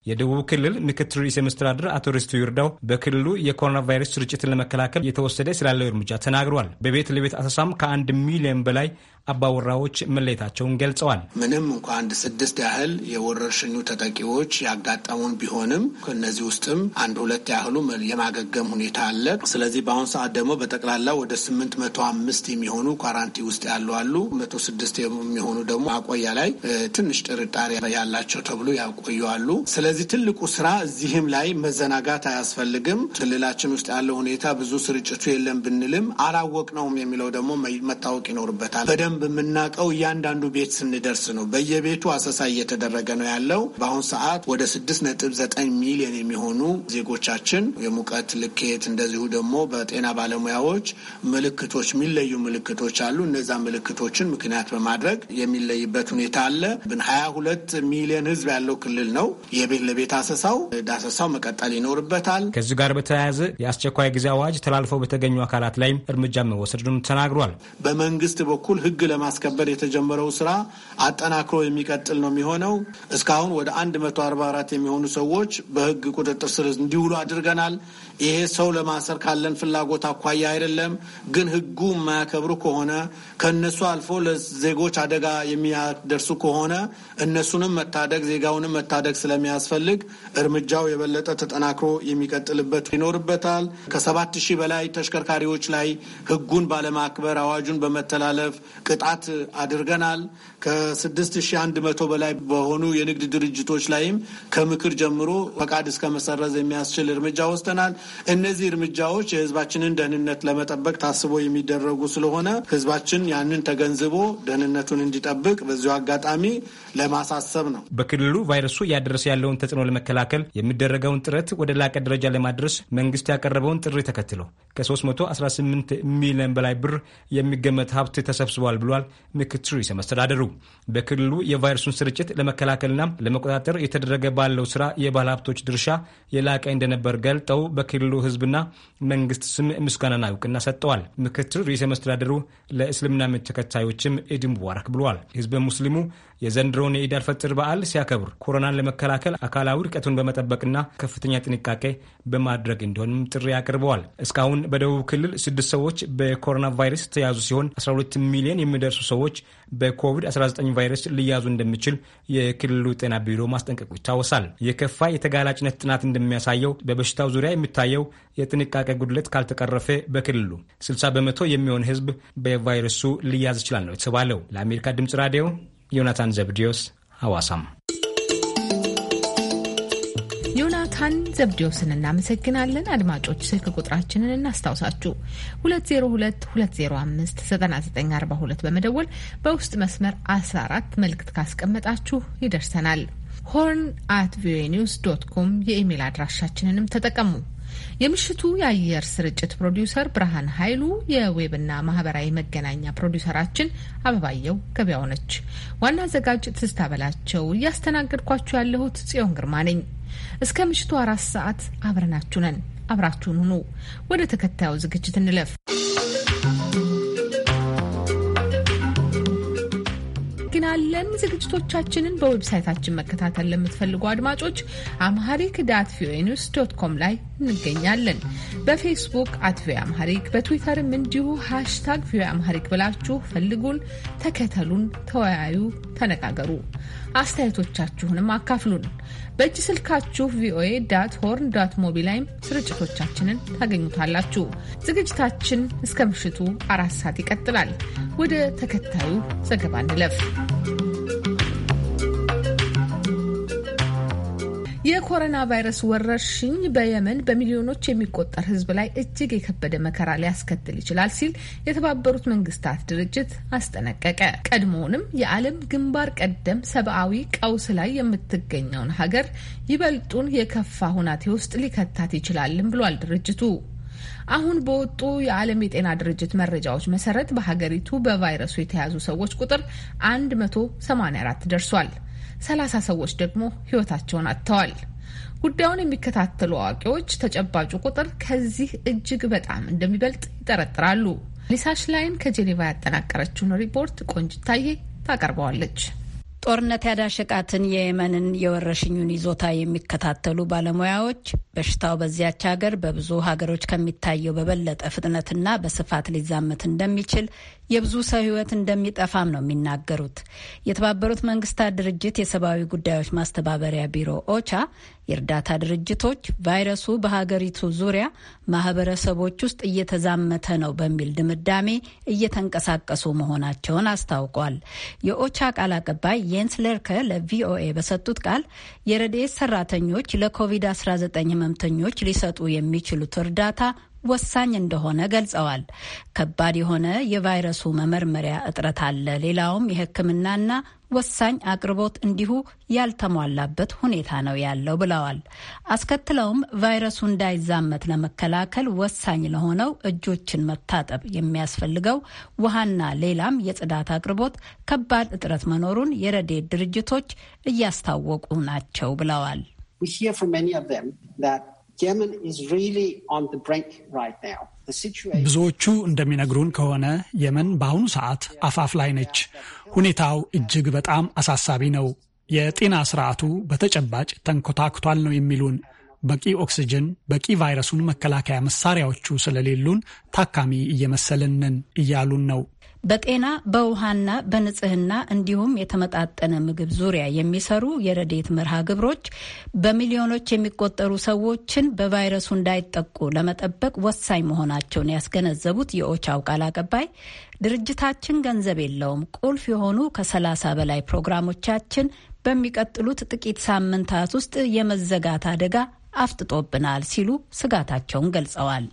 የደቡብ ክልል ምክትል ርዕሰ መስተዳድር አቶ ሪስቱ ይርዳው በክልሉ የኮሮና ቫይረስ ስርጭትን ለመከላከል እየተወሰደ ስላለው እርምጃ ተናግሯል። በቤት ለቤት አሰሳም ከአንድ ሚሊዮን በላይ አባወራዎች መለየታቸውን ገልጸዋል። ምንም እንኳ አንድ ስድስት ያህል የወረርሽኙ ተጠቂዎች ያጋጠሙን ቢሆንም ከእነዚህ ውስጥም አንድ ሁለት ያህሉ የማገገም ሁኔታ አለ። ስለዚህ በአሁኑ ሰዓት ደግሞ በጠቅላላ ወደ ስምንት መቶ አምስት የሚሆኑ ኳራንቲ ውስጥ ያሉ አሉ። መቶ ስድስት የሚሆኑ ደግሞ አቆያ ላይ ትንሽ ጥርጣሬ ያላቸው ተብሎ ያቆዩ አሉ። ስለዚህ ትልቁ ስራ እዚህም ላይ መዘናጋት አያስፈልግም። ክልላችን ውስጥ ያለው ሁኔታ ብዙ ስርጭቱ የለም ብንልም አላወቅ ነውም የሚለው ደግሞ መታወቅ ይኖርበታል። በደንብ በደንብ የምናውቀው እያንዳንዱ ቤት ስንደርስ ነው። በየቤቱ አሰሳ እየተደረገ ነው ያለው። በአሁኑ ሰዓት ወደ ስድስት ነጥብ ዘጠኝ ሚሊዮን የሚሆኑ ዜጎቻችን የሙቀት ልኬት እንደዚሁ ደግሞ በጤና ባለሙያዎች ምልክቶች የሚለዩ ምልክቶች አሉ። እነዛ ምልክቶችን ምክንያት በማድረግ የሚለይበት ሁኔታ አለ። ብን ሀያ ሁለት ሚሊዮን ህዝብ ያለው ክልል ነው። የቤት ለቤት አሰሳው ዳሰሳው መቀጠል ይኖርበታል። ከዚ ጋር በተያያዘ የአስቸኳይ ጊዜ አዋጅ ተላልፈው በተገኙ አካላት ላይ እርምጃ መወሰድ ተናግሯል። በመንግስት በኩል ህግ ለማስከበር የተጀመረው ስራ አጠናክሮ የሚቀጥል ነው የሚሆነው። እስካሁን ወደ 144 የሚሆኑ ሰዎች በህግ ቁጥጥር ስር እንዲውሉ አድርገናል። ይሄ ሰው ለማሰር ካለን ፍላጎት አኳያ አይደለም። ግን ህጉ የማያከብሩ ከሆነ ከእነሱ አልፎ ለዜጎች አደጋ የሚያደርሱ ከሆነ እነሱንም መታደግ ዜጋውንም መታደግ ስለሚያስፈልግ እርምጃው የበለጠ ተጠናክሮ የሚቀጥልበት ይኖርበታል። ከሰባት ሺህ በላይ ተሽከርካሪዎች ላይ ህጉን ባለማክበር አዋጁን በመተላለፍ ቅጣት አድርገናል። ከ6100 በላይ በሆኑ የንግድ ድርጅቶች ላይም ከምክር ጀምሮ ፈቃድ እስከ መሰረዝ የሚያስችል እርምጃ ወስደናል። እነዚህ እርምጃዎች የህዝባችንን ደህንነት ለመጠበቅ ታስቦ የሚደረጉ ስለሆነ ህዝባችን ያንን ተገንዝቦ ደህንነቱን እንዲጠብቅ በዚሁ አጋጣሚ ለማሳሰብ ነው። በክልሉ ቫይረሱ እያደረሰ ያለውን ተጽዕኖ ለመከላከል የሚደረገውን ጥረት ወደ ላቀ ደረጃ ለማድረስ መንግስት ያቀረበውን ጥሪ ተከትሎ ከ318 ሚሊዮን በላይ ብር የሚገመት ሀብት ተሰብስቧል ብሏል ምክትሉ ይሰመስተዳደሩ በክልሉ የቫይረሱን ስርጭት ለመከላከልና ለመቆጣጠር የተደረገ ባለው ስራ የባህል ሀብቶች ድርሻ የላቀ እንደነበር ገልጠው በክልሉ ህዝብና መንግስት ስም ምስጋናና እውቅና ሰጥተዋል። ምክትል ርዕሰ መስተዳደሩ ለእስልምና እምነት ተከታዮችም ኢድ ሙባረክ ብለዋል። ህዝበ ሙስሊሙ የዘንድሮውን የኢዳል ፈጥር በዓል ሲያከብር ኮሮናን ለመከላከል አካላዊ ርቀቱን በመጠበቅና ከፍተኛ ጥንቃቄ በማድረግ እንዲሆንም ጥሪ አቅርበዋል። እስካሁን በደቡብ ክልል ስድስት ሰዎች በኮሮና ቫይረስ ተያዙ ሲሆን 12 ሚሊዮን የሚደርሱ ሰዎች በኮቪድ-19 ቫይረስ ሊያዙ እንደሚችል የክልሉ ጤና ቢሮ ማስጠንቀቁ ይታወሳል። የከፋ የተጋላጭነት ጥናት እንደሚያሳየው በበሽታው ዙሪያ የሚታየው የጥንቃቄ ጉድለት ካልተቀረፈ በክልሉ 60 በመቶ የሚሆን ሕዝብ በቫይረሱ ሊያዝ ይችላል ነው የተባለው። ለአሜሪካ ድምጽ ራዲዮ ዮናታን ዘብዲዮስ ሐዋሳም ዮናታን ዘብዲዮስን እናመሰግናለን። አድማጮች ስልክ ቁጥራችንን እናስታውሳችሁ 2022059942 በመደወል በውስጥ መስመር 14 መልእክት ካስቀመጣችሁ ይደርሰናል። ሆርን አት ቪኦኤ ኒውስ ዶት ኮም የኢሜል አድራሻችንንም ተጠቀሙ። የምሽቱ የአየር ስርጭት ፕሮዲውሰር ብርሃን ኃይሉ፣ የዌብና ማህበራዊ መገናኛ ፕሮዲውሰራችን አበባየው ገበያው ነች። ዋና አዘጋጅ ትስታ በላቸው፣ እያስተናገድኳችሁ ያለሁት ጽዮን ግርማ ነኝ። እስከ ምሽቱ አራት ሰዓት አብረናችሁ ነን። አብራችሁን ሁኑ። ወደ ተከታዩ ዝግጅት እንለፍ። እናመሰግናለን። ዝግጅቶቻችንን በዌብሳይታችን መከታተል ለምትፈልጉ አድማጮች አምሃሪክ ዳት ቪኦኤ ኒውስ ዶት ኮም ላይ እንገኛለን። በፌስቡክ አት ቪኦኤ አምሃሪክ በትዊተርም እንዲሁ ሃሽታግ ቪኦኤ አምሃሪክ ብላችሁ ፈልጉን፣ ተከተሉን፣ ተወያዩ፣ ተነጋገሩ። አስተያየቶቻችሁንም አካፍሉን። በእጅ ስልካችሁ ቪኦኤ ዳት ሆርን ዳት ሞቢ ላይም ስርጭቶቻችንን ታገኙታላችሁ። ዝግጅታችን እስከ ምሽቱ አራት ሰዓት ይቀጥላል። ወደ ተከታዩ ዘገባ እንለፍ። የኮሮና ቫይረስ ወረርሽኝ በየመን በሚሊዮኖች የሚቆጠር ሕዝብ ላይ እጅግ የከበደ መከራ ሊያስከትል ይችላል ሲል የተባበሩት መንግስታት ድርጅት አስጠነቀቀ። ቀድሞውንም የዓለም ግንባር ቀደም ሰብአዊ ቀውስ ላይ የምትገኘውን ሀገር ይበልጡን የከፋ ሁናቴ ውስጥ ሊከታት ይችላልም ብሏል ድርጅቱ። አሁን በወጡ የዓለም የጤና ድርጅት መረጃዎች መሰረት በሀገሪቱ በቫይረሱ የተያዙ ሰዎች ቁጥር 184 ደርሷል። ሰላሳ ሰዎች ደግሞ ህይወታቸውን አጥተዋል። ጉዳዩን የሚከታተሉ አዋቂዎች ተጨባጩ ቁጥር ከዚህ እጅግ በጣም እንደሚበልጥ ይጠረጥራሉ። ሊሳሽ ላይን ከጄኔቫ ያጠናቀረችውን ሪፖርት ቆንጅታዬ ታቀርበዋለች። ጦርነት ያዳሸቃትን የየመንን የወረሽኙን ይዞታ የሚከታተሉ ባለሙያዎች በሽታው በዚያች ሀገር በብዙ ሀገሮች ከሚታየው በበለጠ ፍጥነትና በስፋት ሊዛመት እንደሚችል የብዙ ሰው ህይወት እንደሚጠፋም ነው የሚናገሩት። የተባበሩት መንግስታት ድርጅት የሰብአዊ ጉዳዮች ማስተባበሪያ ቢሮ ኦቻ የእርዳታ ድርጅቶች ቫይረሱ በሀገሪቱ ዙሪያ ማህበረሰቦች ውስጥ እየተዛመተ ነው በሚል ድምዳሜ እየተንቀሳቀሱ መሆናቸውን አስታውቋል። የኦቻ ቃል አቀባይ የንስ ለርከ ለቪኦኤ በሰጡት ቃል የረድኤት ሰራተኞች ለኮቪድ-19 ህመምተኞች ሊሰጡ የሚችሉት እርዳታ ወሳኝ እንደሆነ ገልጸዋል። ከባድ የሆነ የቫይረሱ መመርመሪያ እጥረት አለ። ሌላውም የሕክምናና ወሳኝ አቅርቦት እንዲሁ ያልተሟላበት ሁኔታ ነው ያለው ብለዋል። አስከትለውም ቫይረሱ እንዳይዛመት ለመከላከል ወሳኝ ለሆነው እጆችን መታጠብ የሚያስፈልገው ውሃና ሌላም የጽዳት አቅርቦት ከባድ እጥረት መኖሩን የረድኤት ድርጅቶች እያስታወቁ ናቸው ብለዋል። ብዙዎቹ እንደሚነግሩን ከሆነ የመን በአሁኑ ሰዓት አፋፍ ላይ ነች። ሁኔታው እጅግ በጣም አሳሳቢ ነው። የጤና ስርዓቱ በተጨባጭ ተንኮታክቷል ነው የሚሉን። በቂ ኦክስጅን፣ በቂ ቫይረሱን መከላከያ መሳሪያዎቹ ስለሌሉን ታካሚ እየመሰልንን እያሉን ነው። በጤና በውሃና በንጽህና እንዲሁም የተመጣጠነ ምግብ ዙሪያ የሚሰሩ የረዴት መርሃ ግብሮች በሚሊዮኖች የሚቆጠሩ ሰዎችን በቫይረሱ እንዳይጠቁ ለመጠበቅ ወሳኝ መሆናቸውን ያስገነዘቡት የኦቻው ቃል አቀባይ ድርጅታችን ገንዘብ የለውም፣ ቁልፍ የሆኑ ከሰላሳ በላይ ፕሮግራሞቻችን በሚቀጥሉት ጥቂት ሳምንታት ውስጥ የመዘጋት አደጋ አፍጥጦብናል ሲሉ ስጋታቸውን ገልጸዋል።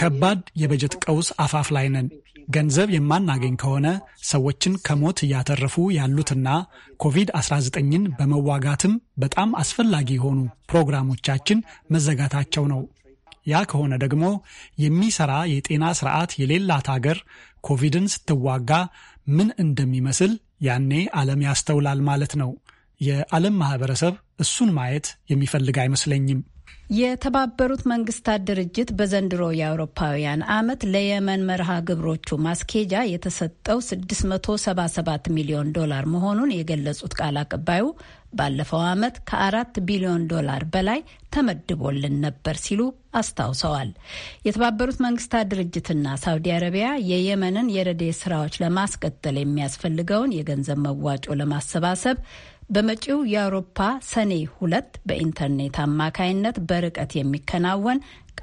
ከባድ የበጀት ቀውስ አፋፍ ላይ ነን። ገንዘብ የማናገኝ ከሆነ ሰዎችን ከሞት እያተረፉ ያሉትና ኮቪድ-19ን በመዋጋትም በጣም አስፈላጊ የሆኑ ፕሮግራሞቻችን መዘጋታቸው ነው። ያ ከሆነ ደግሞ የሚሰራ የጤና ስርዓት የሌላት አገር ኮቪድን ስትዋጋ ምን እንደሚመስል ያኔ ዓለም ያስተውላል ማለት ነው። የዓለም ማህበረሰብ እሱን ማየት የሚፈልግ አይመስለኝም። የተባበሩት መንግስታት ድርጅት በዘንድሮ የአውሮፓውያን አመት ለየመን መርሃ ግብሮቹ ማስኬጃ የተሰጠው 677 ሚሊዮን ዶላር መሆኑን የገለጹት ቃል አቀባዩ ባለፈው አመት ከአራት ቢሊዮን ዶላር በላይ ተመድቦልን ነበር ሲሉ አስታውሰዋል። የተባበሩት መንግስታት ድርጅትና ሳውዲ አረቢያ የየመንን የረዴ ስራዎች ለማስቀጠል የሚያስፈልገውን የገንዘብ መዋጮ ለማሰባሰብ በመጪው የአውሮፓ ሰኔ ሁለት በኢንተርኔት አማካይነት በርቀት የሚከናወን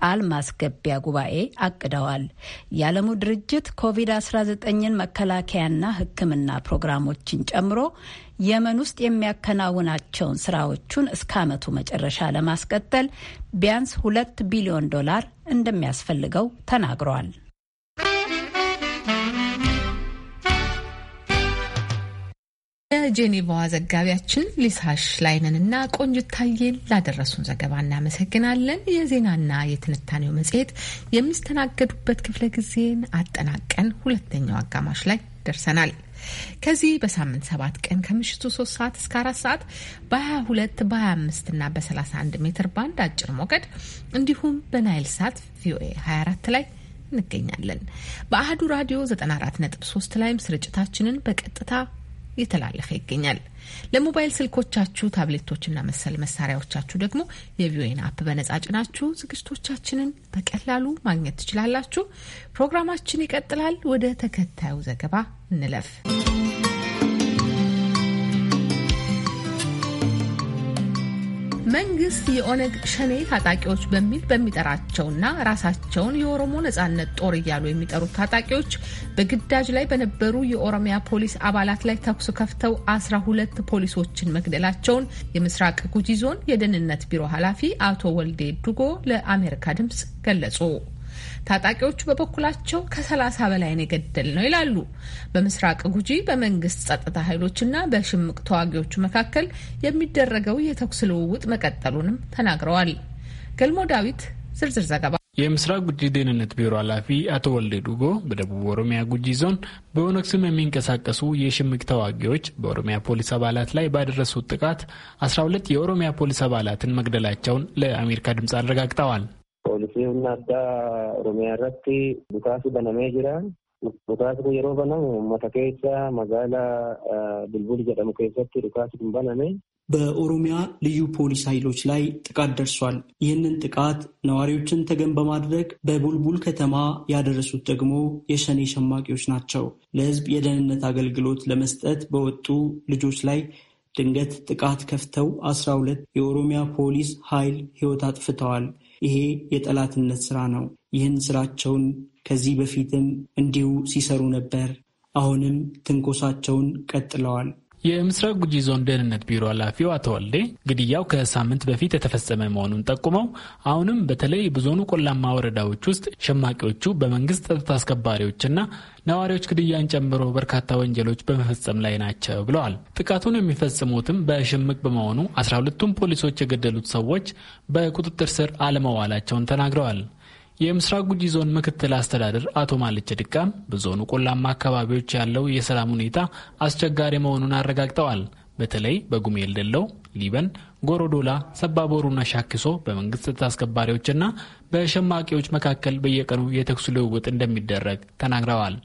ቃል ማስገቢያ ጉባኤ አቅደዋል። የዓለሙ ድርጅት ኮቪድ-19ን መከላከያና ሕክምና ፕሮግራሞችን ጨምሮ የመን ውስጥ የሚያከናውናቸውን ስራዎቹን እስከ ዓመቱ መጨረሻ ለማስቀጠል ቢያንስ ሁለት ቢሊዮን ዶላር እንደሚያስፈልገው ተናግሯል። የጄኔቫዋ ዘጋቢያችን ሊሳሽ ላይነንና ቆንጅታዬን ላደረሱን ዘገባ እናመሰግናለን። የዜናና የትንታኔው መጽሔት የሚስተናገዱበት ክፍለ ጊዜን አጠናቀን ሁለተኛው አጋማሽ ላይ ደርሰናል። ከዚህ በሳምንት ሰባት ቀን ከምሽቱ ሶስት ሰዓት እስከ አራት ሰዓት በ22 በ25 እና በ31 ሜትር ባንድ አጭር ሞገድ እንዲሁም በናይል ሳት ቪኦኤ 24 ላይ እንገኛለን። በአህዱ ራዲዮ 94.3 ላይም ስርጭታችንን በቀጥታ እየተላለፈ ይገኛል። ለሞባይል ስልኮቻችሁ፣ ታብሌቶችና መሰል መሳሪያዎቻችሁ ደግሞ የቪኦኤን አፕ በነጻ ጭናችሁ ዝግጅቶቻችንን በቀላሉ ማግኘት ትችላላችሁ። ፕሮግራማችን ይቀጥላል። ወደ ተከታዩ ዘገባ እንለፍ። መንግስት የኦነግ ሸኔ ታጣቂዎች በሚል በሚጠራቸውና ራሳቸውን የኦሮሞ ነጻነት ጦር እያሉ የሚጠሩት ታጣቂዎች በግዳጅ ላይ በነበሩ የኦሮሚያ ፖሊስ አባላት ላይ ተኩስ ከፍተው አስራ ሁለት ፖሊሶችን መግደላቸውን የምስራቅ ጉጂ ዞን የደህንነት ቢሮ ኃላፊ አቶ ወልዴ ዱጎ ለአሜሪካ ድምጽ ገለጹ። ታጣቂዎቹ በበኩላቸው ከሰላሳ በላይ ነው የገደል ነው ይላሉ። በምስራቅ ጉጂ በመንግስት ጸጥታ ኃይሎችና በሽምቅ ተዋጊዎቹ መካከል የሚደረገው የተኩስ ልውውጥ መቀጠሉንም ተናግረዋል። ገልሞ ዳዊት ዝርዝር ዘገባ የምስራቅ ጉጂ ደህንነት ቢሮ ኃላፊ አቶ ወልዴ ዱጎ በደቡብ ኦሮሚያ ጉጂ ዞን በኦነግ ስም የሚንቀሳቀሱ የሽምቅ ተዋጊዎች በኦሮሚያ ፖሊስ አባላት ላይ ባደረሱት ጥቃት 12 የኦሮሚያ ፖሊስ አባላትን መግደላቸውን ለአሜሪካ ድምፅ አረጋግጠዋል። poolisii humna addaa Oromiyaa irratti bukaasu banamee jira. Bukaasi kun yeroo banamu uummata keessa magaalaa ah, Bulbul jedhamu keessatti bukaasi kun baname በኦሮሚያ ልዩ ፖሊስ ኃይሎች ላይ ጥቃት ደርሷል። ይህንን ጥቃት ነዋሪዎችን ተገን በማድረግ በቡልቡል ከተማ ያደረሱት ደግሞ የሸኔ ሸማቂዎች ናቸው። ለሕዝብ የደህንነት አገልግሎት ለመስጠት በወጡ ልጆች ላይ ድንገት ጥቃት ከፍተው አስራ ሁለት የኦሮሚያ ፖሊስ ኃይል ሕይወት አጥፍተዋል። ይሄ የጠላትነት ስራ ነው። ይህን ስራቸውን ከዚህ በፊትም እንዲሁ ሲሰሩ ነበር። አሁንም ትንኮሳቸውን ቀጥለዋል። የምስራቅ ጉጂ ዞን ደህንነት ቢሮ ኃላፊው አቶ ወልዴ ግድያው ከሳምንት በፊት የተፈጸመ መሆኑን ጠቁመው አሁንም በተለይ ብዙኑ ቆላማ ወረዳዎች ውስጥ ሸማቂዎቹ በመንግስት ጸጥታ አስከባሪዎችና ነዋሪዎች ግድያን ጨምሮ በርካታ ወንጀሎች በመፈጸም ላይ ናቸው ብለዋል። ጥቃቱን የሚፈጽሙትም በሽምቅ በመሆኑ አስራ ሁለቱም ፖሊሶች የገደሉት ሰዎች በቁጥጥር ስር አለመዋላቸውን ተናግረዋል። የምስራቅ ጉጂ ዞን ምክትል አስተዳደር አቶ ማልቸ ድቃም በዞኑ ቆላማ አካባቢዎች ያለው የሰላም ሁኔታ አስቸጋሪ መሆኑን አረጋግጠዋል። በተለይ በጉሜል ደለው፣ ሊበን፣ ጎሮዶላ፣ ሰባቦሩና ሻኪሶ በመንግስት ጸጥታ አስከባሪዎችና በሸማቂዎች መካከል በየቀኑ የተኩስ ልውውጥ እንደሚደረግ ተናግረዋል።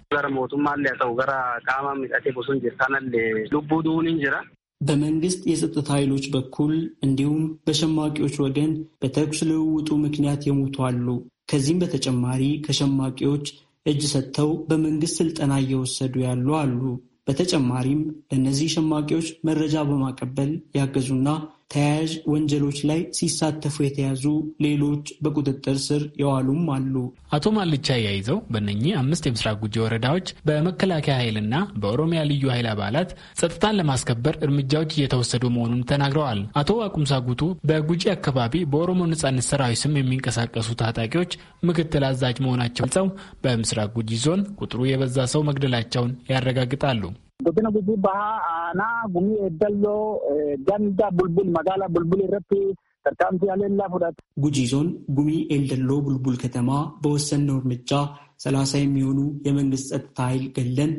በመንግስት የጸጥታ ኃይሎች በኩል እንዲሁም በሸማቂዎች ወገን በተኩስ ልውውጡ ምክንያት የሞቱ አሉ። ከዚህም በተጨማሪ ከሸማቂዎች እጅ ሰጥተው በመንግስት ስልጠና እየወሰዱ ያሉ አሉ። በተጨማሪም ለእነዚህ ሸማቂዎች መረጃ በማቀበል ያገዙና ተያያዥ ወንጀሎች ላይ ሲሳተፉ የተያዙ ሌሎች በቁጥጥር ስር የዋሉም አሉ። አቶ ማልቻ ያይዘው በነኚህ አምስት የምስራቅ ጉጂ ወረዳዎች በመከላከያ ኃይልና በኦሮሚያ ልዩ ኃይል አባላት ጸጥታን ለማስከበር እርምጃዎች እየተወሰዱ መሆኑን ተናግረዋል። አቶ አቁምሳ ጉቱ በጉጂ አካባቢ በኦሮሞ ነጻነት ሰራዊት ስም የሚንቀሳቀሱ ታጣቂዎች ምክትል አዛዥ መሆናቸው ገልጸው በምስራቅ ጉጂ ዞን ቁጥሩ የበዛ ሰው መግደላቸውን ያረጋግጣሉ። Godina Gujii Bahaa anaa Gumii Eeddalloo e, Ganda Bulbul magaalaa Bulbul irratti e tarkaanfii haleellaa fudhate. gumii ጉሚ bulbul katamaa ከተማ በወሰንነው እርምጃ ሰላሳ የሚሆኑ የመንግስት ጸጥታ ኃይል ገለን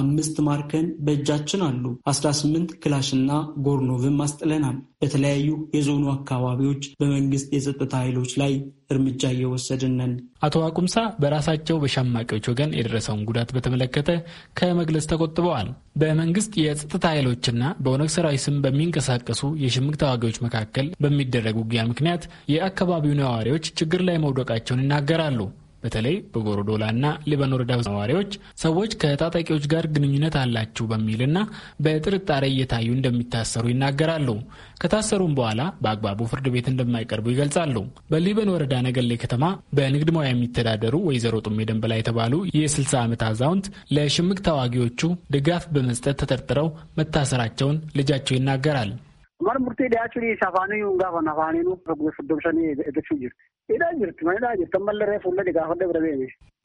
አምስት ማርከን በእጃችን አሉ። 18 ክላሽና ጎርኖቭም አስጥለናል። በተለያዩ የዞኑ አካባቢዎች በመንግስት የጸጥታ ኃይሎች ላይ እርምጃ እየወሰድን ነን። አቶ አቁምሳ በራሳቸው በሸማቂዎች ወገን የደረሰውን ጉዳት በተመለከተ ከመግለጽ ተቆጥበዋል። በመንግስት የጸጥታ ኃይሎችና በኦነግ ሰራዊት ስም በሚንቀሳቀሱ የሽምቅ ተዋጊዎች መካከል በሚደረግ ውጊያ ምክንያት የአካባቢው ነዋሪዎች ችግር ላይ መውደቃቸውን ይናገራሉ። በተለይ በጎሮዶላና ሊበን ወረዳ ነዋሪዎች ሰዎች ከታጣቂዎች ጋር ግንኙነት አላችሁ በሚልና በጥርጣሬ እየታዩ እንደሚታሰሩ ይናገራሉ። ከታሰሩም በኋላ በአግባቡ ፍርድ ቤት እንደማይቀርቡ ይገልጻሉ። በሊበን ወረዳ ነገሌ ከተማ በንግድ ሙያ የሚተዳደሩ ወይዘሮ ጡሜ ደንበላ የተባሉ የ60 ዓመት አዛውንት ለሽምቅ ተዋጊዎቹ ድጋፍ በመስጠት ተጠርጥረው መታሰራቸውን ልጃቸው ይናገራል።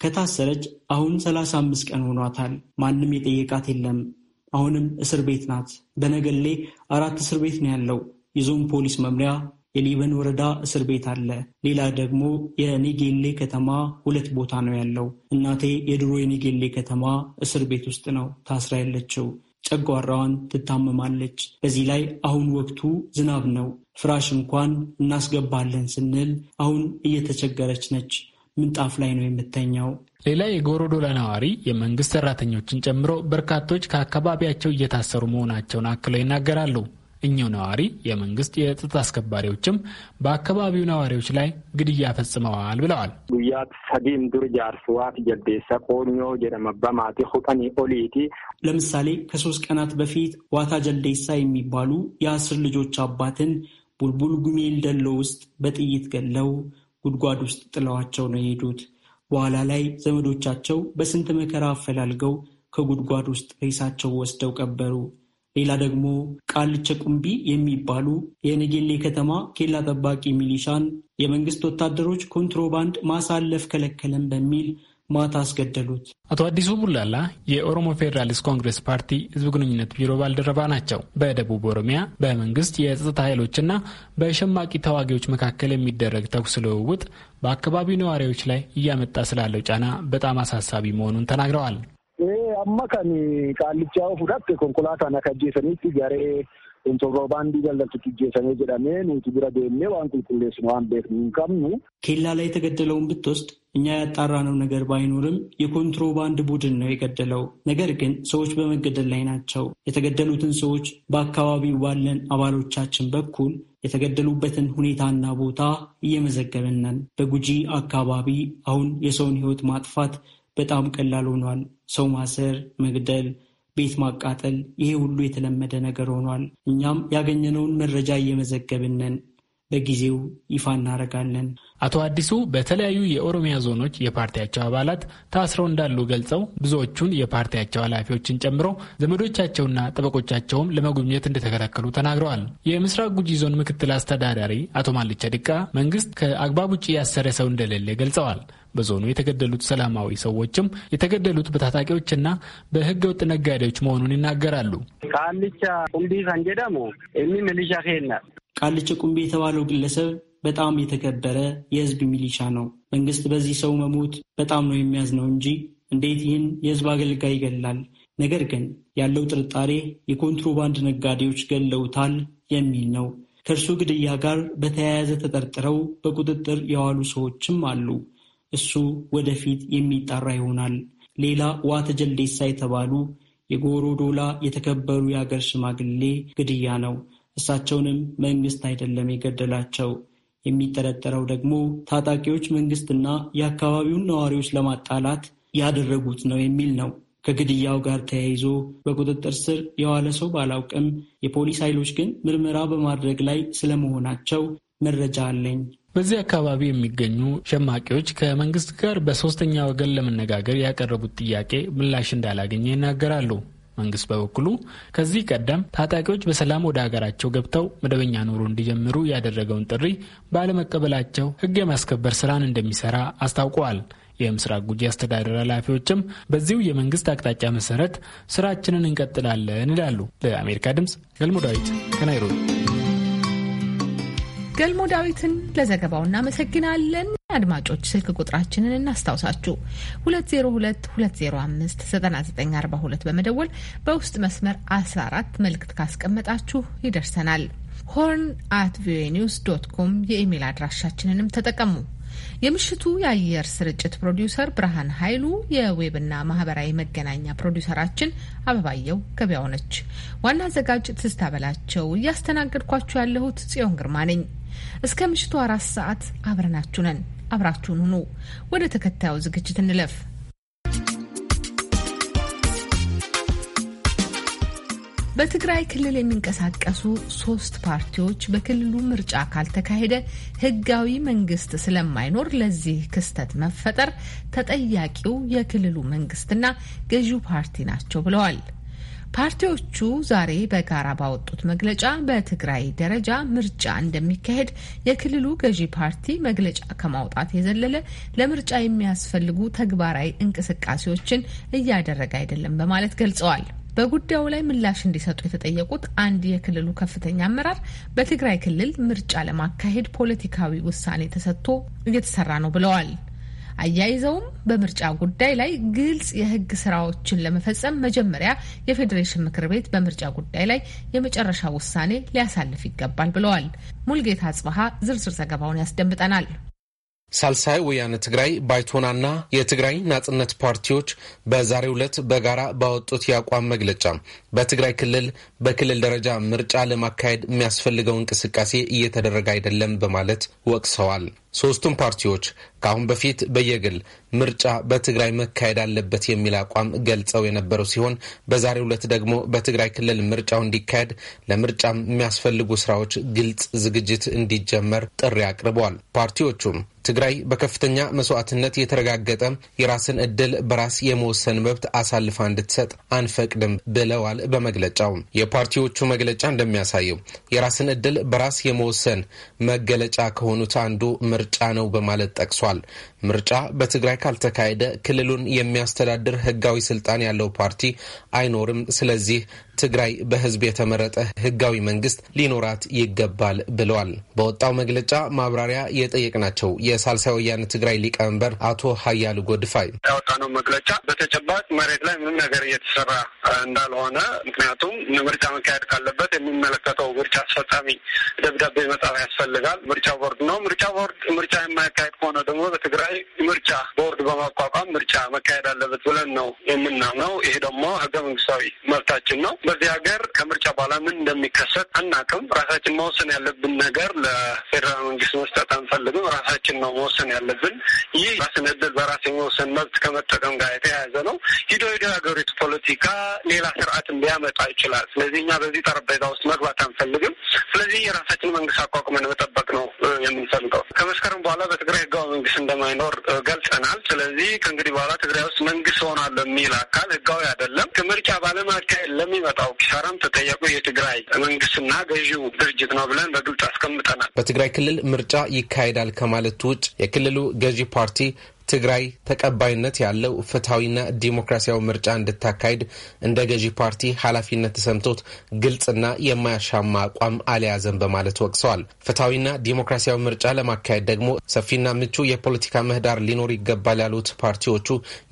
ከታሰረች አሁን ሰላሳ አምስት ቀን ሆኗታል። ማንም የጠየቃት የለም። አሁንም እስር ቤት ናት። በነገሌ አራት እስር ቤት ነው ያለው። የዞን ፖሊስ መምሪያ የሊበን ወረዳ እስር ቤት አለ። ሌላ ደግሞ የኒጌሌ ከተማ ሁለት ቦታ ነው ያለው። እናቴ የድሮ የኒጌሌ ከተማ እስር ቤት ውስጥ ነው ታስራ ያለችው። ጨጓራዋን ትታመማለች። በዚህ ላይ አሁን ወቅቱ ዝናብ ነው። ፍራሽ እንኳን እናስገባለን ስንል አሁን እየተቸገረች ነች። ምንጣፍ ላይ ነው የምተኛው። ሌላ የጎሮዶላ ነዋሪ የመንግስት ሰራተኞችን ጨምሮ በርካቶች ከአካባቢያቸው እየታሰሩ መሆናቸውን አክለው ይናገራሉ። እኛው ነዋሪ የመንግስት የጸጥታ አስከባሪዎችም በአካባቢው ነዋሪዎች ላይ ግድያ ፈጽመዋል ብለዋል። ጉያት ሰዲም ዱር ቆኞ ሁጠኒ ኦሊቲ ለምሳሌ ከሶስት ቀናት በፊት ዋታ ጀልዴሳ የሚባሉ የአስር ልጆች አባትን ቡልቡል ጉሜል ደሎ ውስጥ በጥይት ገለው ጉድጓድ ውስጥ ጥለዋቸው ነው የሄዱት። በኋላ ላይ ዘመዶቻቸው በስንት መከራ አፈላልገው ከጉድጓድ ውስጥ ሬሳቸው ወስደው ቀበሩ። ሌላ ደግሞ ቃልቸ ቁምቢ የሚባሉ የነጌሌ ከተማ ኬላ ጠባቂ ሚሊሻን የመንግስት ወታደሮች ኮንትሮባንድ ማሳለፍ ከለከለን በሚል ማታ አስገደሉት። አቶ አዲሱ ቡላላ የኦሮሞ ፌዴራሊስት ኮንግሬስ ፓርቲ ህዝብ ግንኙነት ቢሮ ባልደረባ ናቸው። በደቡብ ኦሮሚያ በመንግስት የጸጥታ ኃይሎችና በሸማቂ ተዋጊዎች መካከል የሚደረግ ተኩስ ልውውጥ በአካባቢው ነዋሪዎች ላይ እያመጣ ስላለው ጫና በጣም አሳሳቢ መሆኑን ተናግረዋል። amma kan of fudhatte konkolaataan akka ajjeesaniitti garee kontoroobaandii galgaltu ajjeesanii jedhamee nuti bira deemnee waan qulqulleessu waan beeknu hin qabnu. ኬላ ላይ የተገደለውን ብትወስድ እኛ ያጣራነው ነገር ባይኖርም የኮንትሮባንድ ቡድን ነው የገደለው። ነገር ግን ሰዎች በመገደል ላይ ናቸው። የተገደሉትን ሰዎች በአካባቢው ባለን አባሎቻችን በኩል የተገደሉበትን ሁኔታና ቦታ እየመዘገብን ነን። በጉጂ አካባቢ አሁን የሰውን ሕይወት ማጥፋት በጣም ቀላል ሆኗል። ሰው ማሰር፣ መግደል፣ ቤት ማቃጠል፣ ይሄ ሁሉ የተለመደ ነገር ሆኗል። እኛም ያገኘነውን መረጃ እየመዘገብነን በጊዜው ይፋ እናደርጋለን። አቶ አዲሱ በተለያዩ የኦሮሚያ ዞኖች የፓርቲያቸው አባላት ታስረው እንዳሉ ገልጸው ብዙዎቹን የፓርቲያቸው ኃላፊዎችን ጨምሮ ዘመዶቻቸውና ጠበቆቻቸውም ለመጎብኘት እንደተከለከሉ ተናግረዋል። የምስራቅ ጉጂ ዞን ምክትል አስተዳዳሪ አቶ ማልቻ ድቃ መንግስት ከአግባብ ውጭ ያሰረ ሰው እንደሌለ ገልጸዋል። በዞኑ የተገደሉት ሰላማዊ ሰዎችም የተገደሉት በታጣቂዎችና በህገ ወጥ ነጋዴዎች መሆኑን ይናገራሉ። ቃልቻ ቁምቢ ከንጀዳሙ እሚ ሚሊሻ ሄና ቃልቻ ቁምቢ የተባለው ግለሰብ በጣም የተከበረ የህዝብ ሚሊሻ ነው። መንግስት በዚህ ሰው መሞት በጣም ነው የሚያዝነው እንጂ እንዴት ይህን የህዝብ አገልጋይ ይገላል? ነገር ግን ያለው ጥርጣሬ የኮንትሮባንድ ነጋዴዎች ገለውታል የሚል ነው። ከእርሱ ግድያ ጋር በተያያዘ ተጠርጥረው በቁጥጥር የዋሉ ሰዎችም አሉ። እሱ ወደፊት የሚጣራ ይሆናል። ሌላ ዋተ ጀልዴሳ የተባሉ የጎሮዶላ የተከበሩ የአገር ሽማግሌ ግድያ ነው። እሳቸውንም መንግስት አይደለም የገደላቸው። የሚጠረጠረው ደግሞ ታጣቂዎች መንግስትና የአካባቢውን ነዋሪዎች ለማጣላት ያደረጉት ነው የሚል ነው። ከግድያው ጋር ተያይዞ በቁጥጥር ስር የዋለ ሰው ባላውቅም የፖሊስ ኃይሎች ግን ምርመራ በማድረግ ላይ ስለመሆናቸው መረጃ አለኝ። በዚህ አካባቢ የሚገኙ ሸማቂዎች ከመንግስት ጋር በሶስተኛ ወገን ለመነጋገር ያቀረቡት ጥያቄ ምላሽ እንዳላገኘ ይናገራሉ። መንግስት በበኩሉ ከዚህ ቀደም ታጣቂዎች በሰላም ወደ ሀገራቸው ገብተው መደበኛ ኑሮ እንዲጀምሩ ያደረገውን ጥሪ ባለመቀበላቸው ሕግ የማስከበር ስራን እንደሚሰራ አስታውቀዋል። የምስራቅ ጉጂ አስተዳደር ኃላፊዎችም በዚሁ የመንግስት አቅጣጫ መሰረት ስራችንን እንቀጥላለን ይላሉ። ለአሜሪካ ድምፅ ገልሞ ዳዊት ከናይሮቢ ገልሞ ዳዊትን ለዘገባው እናመሰግናለን። አድማጮች ስልክ ቁጥራችንን እናስታውሳችሁ 2022059942 በመደወል በውስጥ መስመር 14 መልእክት ካስቀመጣችሁ ይደርሰናል። ሆርን አት ቪኦኤ ኒውስ ዶት ኮም የኢሜል አድራሻችንንም ተጠቀሙ። የምሽቱ የአየር ስርጭት ፕሮዲውሰር ብርሃን ኃይሉ፣ የዌብና ማህበራዊ መገናኛ ፕሮዲውሰራችን አበባየው ገበያው ነች። ዋና አዘጋጅ ትስታ በላቸው፣ እያስተናገድኳችሁ ያለሁት ጽዮን ግርማ ነኝ። እስከ ምሽቱ አራት ሰዓት አብረናችሁ ነን። አብራችሁን ሁኑ። ወደ ተከታዩ ዝግጅት እንለፍ። በትግራይ ክልል የሚንቀሳቀሱ ሶስት ፓርቲዎች በክልሉ ምርጫ ካልተካሄደ ሕጋዊ መንግስት ስለማይኖር ለዚህ ክስተት መፈጠር ተጠያቂው የክልሉ መንግስትና ገዢው ፓርቲ ናቸው ብለዋል። ፓርቲዎቹ ዛሬ በጋራ ባወጡት መግለጫ በትግራይ ደረጃ ምርጫ እንደሚካሄድ የክልሉ ገዢ ፓርቲ መግለጫ ከማውጣት የዘለለ ለምርጫ የሚያስፈልጉ ተግባራዊ እንቅስቃሴዎችን እያደረገ አይደለም በማለት ገልጸዋል። በጉዳዩ ላይ ምላሽ እንዲሰጡ የተጠየቁት አንድ የክልሉ ከፍተኛ አመራር በትግራይ ክልል ምርጫ ለማካሄድ ፖለቲካዊ ውሳኔ ተሰጥቶ እየተሰራ ነው ብለዋል። አያይዘውም በምርጫ ጉዳይ ላይ ግልጽ የህግ ስራዎችን ለመፈጸም መጀመሪያ የፌዴሬሽን ምክር ቤት በምርጫ ጉዳይ ላይ የመጨረሻ ውሳኔ ሊያሳልፍ ይገባል ብለዋል። ሙልጌታ አጽበሀ ዝርዝር ዘገባውን ያስደምጠናል። ሳልሳይ ወያነ ትግራይ ባይቶናና የትግራይ ናጽነት ፓርቲዎች በዛሬው ዕለት በጋራ ባወጡት የአቋም መግለጫ በትግራይ ክልል በክልል ደረጃ ምርጫ ለማካሄድ የሚያስፈልገው እንቅስቃሴ እየተደረገ አይደለም በማለት ወቅሰዋል። ሶስቱም ፓርቲዎች ከአሁን በፊት በየግል ምርጫ በትግራይ መካሄድ አለበት የሚል አቋም ገልጸው የነበረው ሲሆን በዛሬው ዕለት ደግሞ በትግራይ ክልል ምርጫው እንዲካሄድ ለምርጫም የሚያስፈልጉ ስራዎች ግልጽ ዝግጅት እንዲጀመር ጥሪ አቅርበዋል። ፓርቲዎቹም ትግራይ በከፍተኛ መስዋዕትነት የተረጋገጠ የራስን እድል በራስ የመወሰን መብት አሳልፋ እንድትሰጥ አንፈቅድም ብለዋል። በመግለጫው የፓርቲዎቹ መግለጫ እንደሚያሳየው የራስን እድል በራስ የመወሰን መገለጫ ከሆኑት አንዱ ምርጫ ነው በማለት ጠቅሷል። ምርጫ በትግራይ ካልተካሄደ ክልሉን የሚያስተዳድር ህጋዊ ስልጣን ያለው ፓርቲ አይኖርም። ስለዚህ ትግራይ በህዝብ የተመረጠ ህጋዊ መንግስት ሊኖራት ይገባል ብለዋል። በወጣው መግለጫ ማብራሪያ የጠየቅናቸው የሳልሳይ ወያነ ትግራይ ሊቀመንበር አቶ ሀያሉ ጎድፋይ ያወጣነው መግለጫ በተጨባጭ መሬት ላይ ምንም ነገር እየተሰራ እንዳልሆነ፣ ምክንያቱም ምርጫ መካሄድ ካለበት የሚመለከተው ምርጫ አስፈጻሚ ደብዳቤ መጻፍ ያስፈልጋል። ምርጫ ቦርድ ነው። ምርጫ ቦርድ ምርጫ የማያካሄድ ከሆነ ደግሞ በትግራይ ምርጫ ቦርድ በማቋቋም ምርጫ መካሄድ አለበት ብለን ነው የምናምነው። ይሄ ደግሞ ህገ መንግስታዊ መብታችን ነው። በዚህ ሀገር ከምርጫ በኋላ ምን እንደሚከሰት አናቅም። ራሳችን መወሰን ያለብን ነገር ለፌዴራል መንግስት መስጠት አንፈልግም። ራሳችን ነው መወሰን ያለብን። ይህ ራስን እድል በራስ የመወሰን መብት ከመጠቀም ጋር የተያያዘ ነው። ሂዶ ሂዶ የሀገሪቱ ፖለቲካ ሌላ ስርዓትን ሊያመጣ ይችላል። ስለዚህ እኛ በዚህ ጠረጴዛ ውስጥ መግባት አንፈልግም። ስለዚህ የራሳችን መንግስት አቋቁመን መጠበቅ ነው የምንፈልገው። ከመስከረም በኋላ በትግራይ ህጋዊ መንግስት እንደማይኖር ገልጸናል። ስለዚህ ከእንግዲህ በኋላ ትግራይ ውስጥ መንግስት ሆናለሁ የሚል አካል ህጋዊ አይደለም። ከምርጫ ባለማካሄድ ለሚመ ለሚመጣው ኪሳራም ተጠየቁ የትግራይ መንግስትና ገዢው ድርጅት ነው ብለን በግልጽ አስቀምጠናል። በትግራይ ክልል ምርጫ ይካሄዳል ከማለት ውጭ የክልሉ ገዢ ፓርቲ ትግራይ ተቀባይነት ያለው ፍትሐዊና ዲሞክራሲያዊ ምርጫ እንድታካሄድ እንደ ገዢ ፓርቲ ኃላፊነት ተሰምቶት ግልጽና የማያሻማ አቋም አልያዘም በማለት ወቅሰዋል። ፍትሐዊና ዲሞክራሲያዊ ምርጫ ለማካሄድ ደግሞ ሰፊና ምቹ የፖለቲካ ምህዳር ሊኖር ይገባል ያሉት ፓርቲዎቹ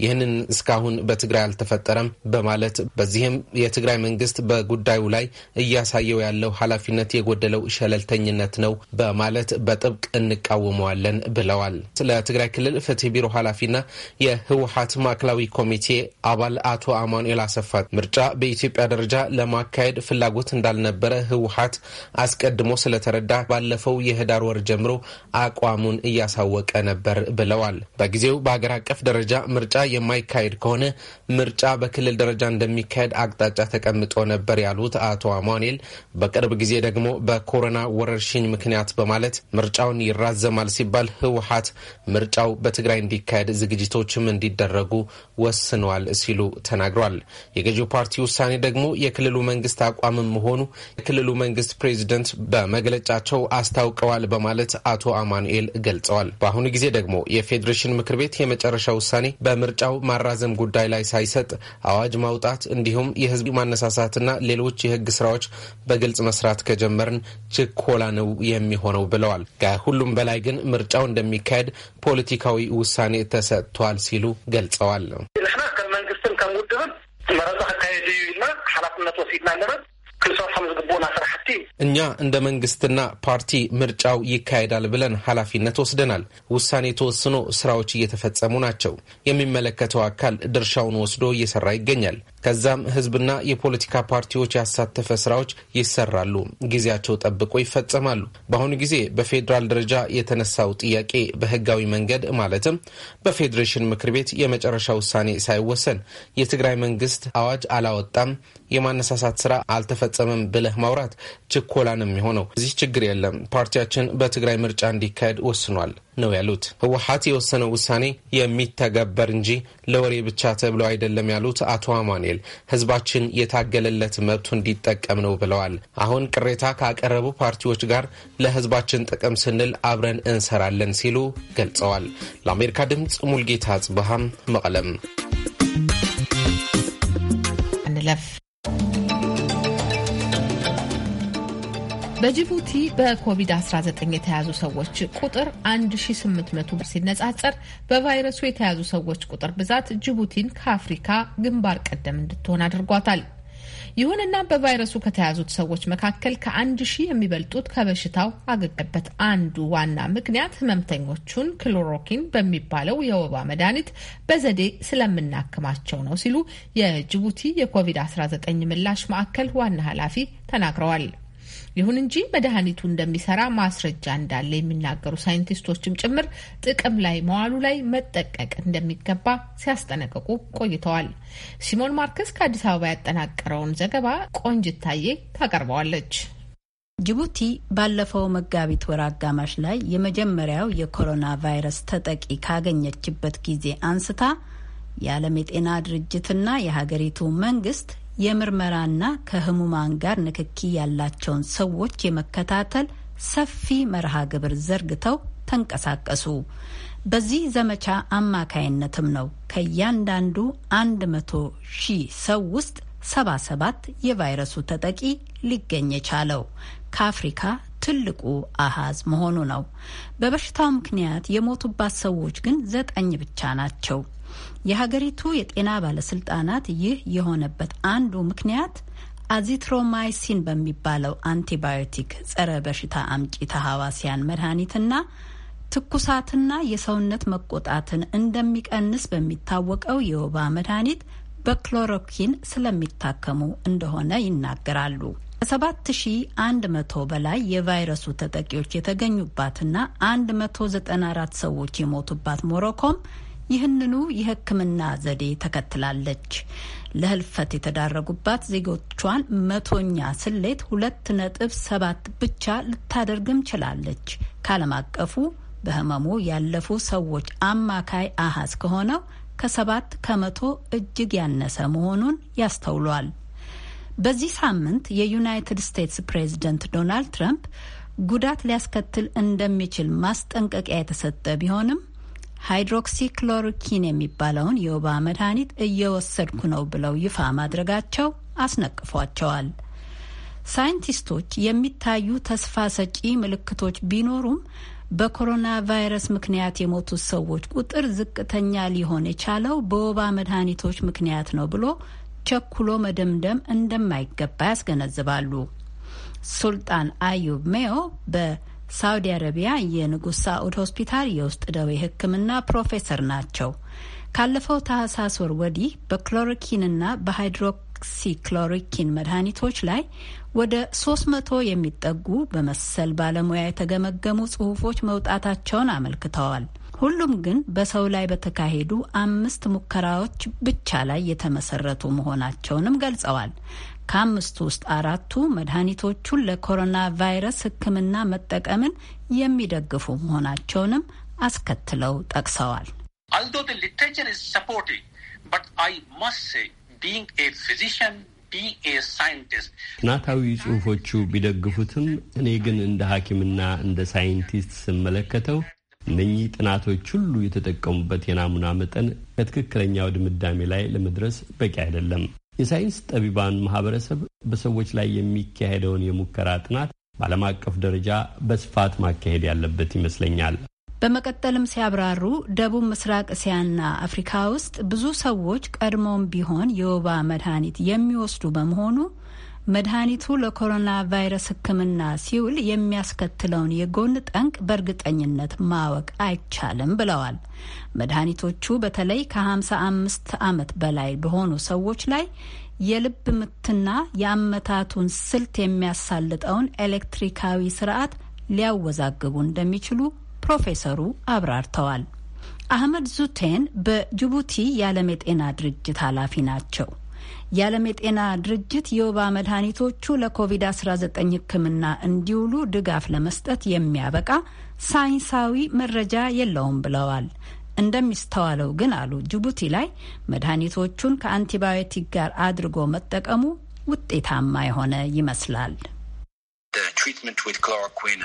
ይህንን እስካሁን በትግራይ አልተፈጠረም በማለት በዚህም የትግራይ መንግስት በጉዳዩ ላይ እያሳየው ያለው ኃላፊነት የጎደለው ሸለልተኝነት ነው በማለት በጥብቅ እንቃወመዋለን ብለዋል። ስለ ትግራይ ክልል ፍትህ ቢሮ ቢሮ ኃላፊና የህወሀት ማዕከላዊ ኮሚቴ አባል አቶ አማኑኤል አሰፋ ምርጫ በኢትዮጵያ ደረጃ ለማካሄድ ፍላጎት እንዳልነበረ ህወሀት አስቀድሞ ስለተረዳ ባለፈው የህዳር ወር ጀምሮ አቋሙን እያሳወቀ ነበር ብለዋል። በጊዜው በሀገር አቀፍ ደረጃ ምርጫ የማይካሄድ ከሆነ ምርጫ በክልል ደረጃ እንደሚካሄድ አቅጣጫ ተቀምጦ ነበር ያሉት አቶ አማኑኤል በቅርብ ጊዜ ደግሞ በኮሮና ወረርሽኝ ምክንያት በማለት ምርጫውን ይራዘማል ሲባል ህወሀት ምርጫው በትግራይ እንዲካሄድ ዝግጅቶችም እንዲደረጉ ወስነዋል ሲሉ ተናግሯል። የገዢው ፓርቲ ውሳኔ ደግሞ የክልሉ መንግስት አቋምም መሆኑ የክልሉ መንግስት ፕሬዚደንት በመግለጫቸው አስታውቀዋል በማለት አቶ አማኑኤል ገልጸዋል። በአሁኑ ጊዜ ደግሞ የፌዴሬሽን ምክር ቤት የመጨረሻ ውሳኔ በምርጫው ማራዘም ጉዳይ ላይ ሳይሰጥ አዋጅ ማውጣት እንዲሁም የህዝብ ማነሳሳትና ሌሎች የህግ ስራዎች በግልጽ መስራት ከጀመርን ችኮላ ነው የሚሆነው ብለዋል። ከሁሉም በላይ ግን ምርጫው እንደሚካሄድ ፖለቲካዊ ውሳኔ ውሳኔ ተሰጥቷል ሲሉ ገልጸዋል። ንሕና ከም መንግስትን ከም ውድብን መረፃ ክካየድ እዩ ኢልና ሓላፍነት ወሲድና ኣለበት እኛ እንደ መንግስትና ፓርቲ ምርጫው ይካሄዳል ብለን ኃላፊነት ወስደናል። ውሳኔ ተወስኖ ስራዎች እየተፈጸሙ ናቸው። የሚመለከተው አካል ድርሻውን ወስዶ እየሰራ ይገኛል። ከዛም ህዝብና የፖለቲካ ፓርቲዎች ያሳተፈ ስራዎች ይሰራሉ። ጊዜያቸው ጠብቆ ይፈጸማሉ። በአሁኑ ጊዜ በፌዴራል ደረጃ የተነሳው ጥያቄ በህጋዊ መንገድ ማለትም በፌዴሬሽን ምክር ቤት የመጨረሻ ውሳኔ ሳይወሰን የትግራይ መንግስት አዋጅ አላወጣም የማነሳሳት ስራ አልተፈጸመም ብለህ ማውራት ችኮላ ነው የሚሆነው። እዚህ ችግር የለም። ፓርቲያችን በትግራይ ምርጫ እንዲካሄድ ወስኗል ነው ያሉት። ህወሀት የወሰነው ውሳኔ የሚተገበር እንጂ ለወሬ ብቻ ተብለው አይደለም ያሉት አቶ አማኑኤል ህዝባችን የታገለለት መብቱ እንዲጠቀም ነው ብለዋል። አሁን ቅሬታ ካቀረቡ ፓርቲዎች ጋር ለህዝባችን ጥቅም ስንል አብረን እንሰራለን ሲሉ ገልጸዋል። ለአሜሪካ ድምፅ ሙልጌታ ጽብሃም መቀለም በጅቡቲ በኮቪድ-19 የተያዙ ሰዎች ቁጥር 1800 ሲነጻጸር በቫይረሱ የተያዙ ሰዎች ቁጥር ብዛት ጅቡቲን ከአፍሪካ ግንባር ቀደም እንድትሆን አድርጓታል። ይሁንና በቫይረሱ ከተያዙት ሰዎች መካከል ከአንድ ሺህ የሚበልጡት ከበሽታው አገገበት አንዱ ዋና ምክንያት ህመምተኞቹን ክሎሮኪን በሚባለው የወባ መድኃኒት በዘዴ ስለምናክማቸው ነው ሲሉ የጅቡቲ የኮቪድ-19 ምላሽ ማዕከል ዋና ኃላፊ ተናግረዋል። ይሁን እንጂ መድኃኒቱ እንደሚሰራ ማስረጃ እንዳለ የሚናገሩ ሳይንቲስቶችም ጭምር ጥቅም ላይ መዋሉ ላይ መጠቀቅ እንደሚገባ ሲያስጠነቅቁ ቆይተዋል። ሲሞን ማርከስ ከአዲስ አበባ ያጠናቀረውን ዘገባ ቆንጅታዬ ታቀርበዋለች። ጅቡቲ ባለፈው መጋቢት ወር አጋማሽ ላይ የመጀመሪያው የኮሮና ቫይረስ ተጠቂ ካገኘችበት ጊዜ አንስታ የዓለም የጤና ድርጅትና የሀገሪቱ መንግስት የምርመራና ከህሙማን ጋር ንክኪ ያላቸውን ሰዎች የመከታተል ሰፊ መርሃ ግብር ዘርግተው ተንቀሳቀሱ። በዚህ ዘመቻ አማካይነትም ነው ከእያንዳንዱ አንድ መቶ ሺህ ሰው ውስጥ ሰባ ሰባት የቫይረሱ ተጠቂ ሊገኝ የቻለው ከአፍሪካ ትልቁ አሃዝ መሆኑ ነው። በበሽታው ምክንያት የሞቱባት ሰዎች ግን ዘጠኝ ብቻ ናቸው። የሀገሪቱ የጤና ባለስልጣናት ይህ የሆነበት አንዱ ምክንያት አዚትሮማይሲን በሚባለው አንቲባዮቲክ ጸረ በሽታ አምጪ ተሐዋሲያን መድኃኒትና ትኩሳትና የሰውነት መቆጣትን እንደሚቀንስ በሚታወቀው የወባ መድኃኒት በክሎሮኪን ስለሚታከሙ እንደሆነ ይናገራሉ። 1መቶ በላይ የቫይረሱ ተጠቂዎች የተገኙባትና አራት ሰዎች የሞቱባት ሞሮኮም ይህንኑ የሕክምና ዘዴ ተከትላለች። ለህልፈት የተዳረጉባት ዜጎቿን መቶኛ ስሌት ሁለት ነጥብ ሰባት ብቻ ልታደርግም ችላለች ከዓለም አቀፉ በህመሙ ያለፉ ሰዎች አማካይ አሃዝ ከሆነው ከሰባት ከመቶ እጅግ ያነሰ መሆኑን ያስተውሏል። በዚህ ሳምንት የዩናይትድ ስቴትስ ፕሬዝደንት ዶናልድ ትራምፕ ጉዳት ሊያስከትል እንደሚችል ማስጠንቀቂያ የተሰጠ ቢሆንም ሃይድሮክሲክሎሮኪን የሚባለውን የወባ መድኃኒት እየወሰድኩ ነው ብለው ይፋ ማድረጋቸው አስነቅፏቸዋል። ሳይንቲስቶች የሚታዩ ተስፋ ሰጪ ምልክቶች ቢኖሩም በኮሮና ቫይረስ ምክንያት የሞቱት ሰዎች ቁጥር ዝቅተኛ ሊሆን የቻለው በወባ መድኃኒቶች ምክንያት ነው ብሎ ቸኩሎ መደምደም እንደማይገባ ያስገነዝባሉ። ሱልጣን አዩብ ሜዮ በ ሳውዲ አረቢያ የንጉሥ ሳኡድ ሆስፒታል የውስጥ ደዌ ሕክምና ፕሮፌሰር ናቸው። ካለፈው ታህሳስ ወር ወዲህ በክሎሮኪንና በሃይድሮክሲክሎሮኪን መድኃኒቶች ላይ ወደ ሶስት መቶ የሚጠጉ በመሰል ባለሙያ የተገመገሙ ጽሁፎች መውጣታቸውን አመልክተዋል። ሁሉም ግን በሰው ላይ በተካሄዱ አምስት ሙከራዎች ብቻ ላይ የተመሰረቱ መሆናቸውንም ገልጸዋል። ከአምስቱ ውስጥ አራቱ መድኃኒቶቹን ለኮሮና ቫይረስ ሕክምና መጠቀምን የሚደግፉ መሆናቸውንም አስከትለው ጠቅሰዋል። ጥናታዊ ጽሑፎቹ ቢደግፉትም እኔ ግን እንደ ሐኪምና እንደ ሳይንቲስት ስመለከተው እነኚህ ጥናቶች ሁሉ የተጠቀሙበት የናሙና መጠን ከትክክለኛው ድምዳሜ ላይ ለመድረስ በቂ አይደለም። የሳይንስ ጠቢባን ማህበረሰብ በሰዎች ላይ የሚካሄደውን የሙከራ ጥናት በዓለም አቀፍ ደረጃ በስፋት ማካሄድ ያለበት ይመስለኛል። በመቀጠልም ሲያብራሩ ደቡብ ምስራቅ እስያና አፍሪካ ውስጥ ብዙ ሰዎች ቀድሞም ቢሆን የወባ መድኃኒት የሚወስዱ በመሆኑ መድኃኒቱ ለኮሮና ቫይረስ ሕክምና ሲውል የሚያስከትለውን የጎን ጠንቅ በእርግጠኝነት ማወቅ አይቻልም ብለዋል። መድኃኒቶቹ በተለይ ከ55 ዓመት በላይ በሆኑ ሰዎች ላይ የልብ ምትና የአመታቱን ስልት የሚያሳልጠውን ኤሌክትሪካዊ ስርዓት ሊያወዛግቡ እንደሚችሉ ፕሮፌሰሩ አብራርተዋል። አህመድ ዙቴን በጅቡቲ የዓለም የጤና ድርጅት ኃላፊ ናቸው። የዓለም የጤና ድርጅት የወባ መድኃኒቶቹ ለኮቪድ-19 ሕክምና እንዲውሉ ድጋፍ ለመስጠት የሚያበቃ ሳይንሳዊ መረጃ የለውም ብለዋል። እንደሚስተዋለው ግን አሉ፣ ጅቡቲ ላይ መድኃኒቶቹን ከአንቲባዮቲክ ጋር አድርጎ መጠቀሙ ውጤታማ የሆነ ይመስላል። ትሪትመንት ዊዝ ክሎሮኩዊን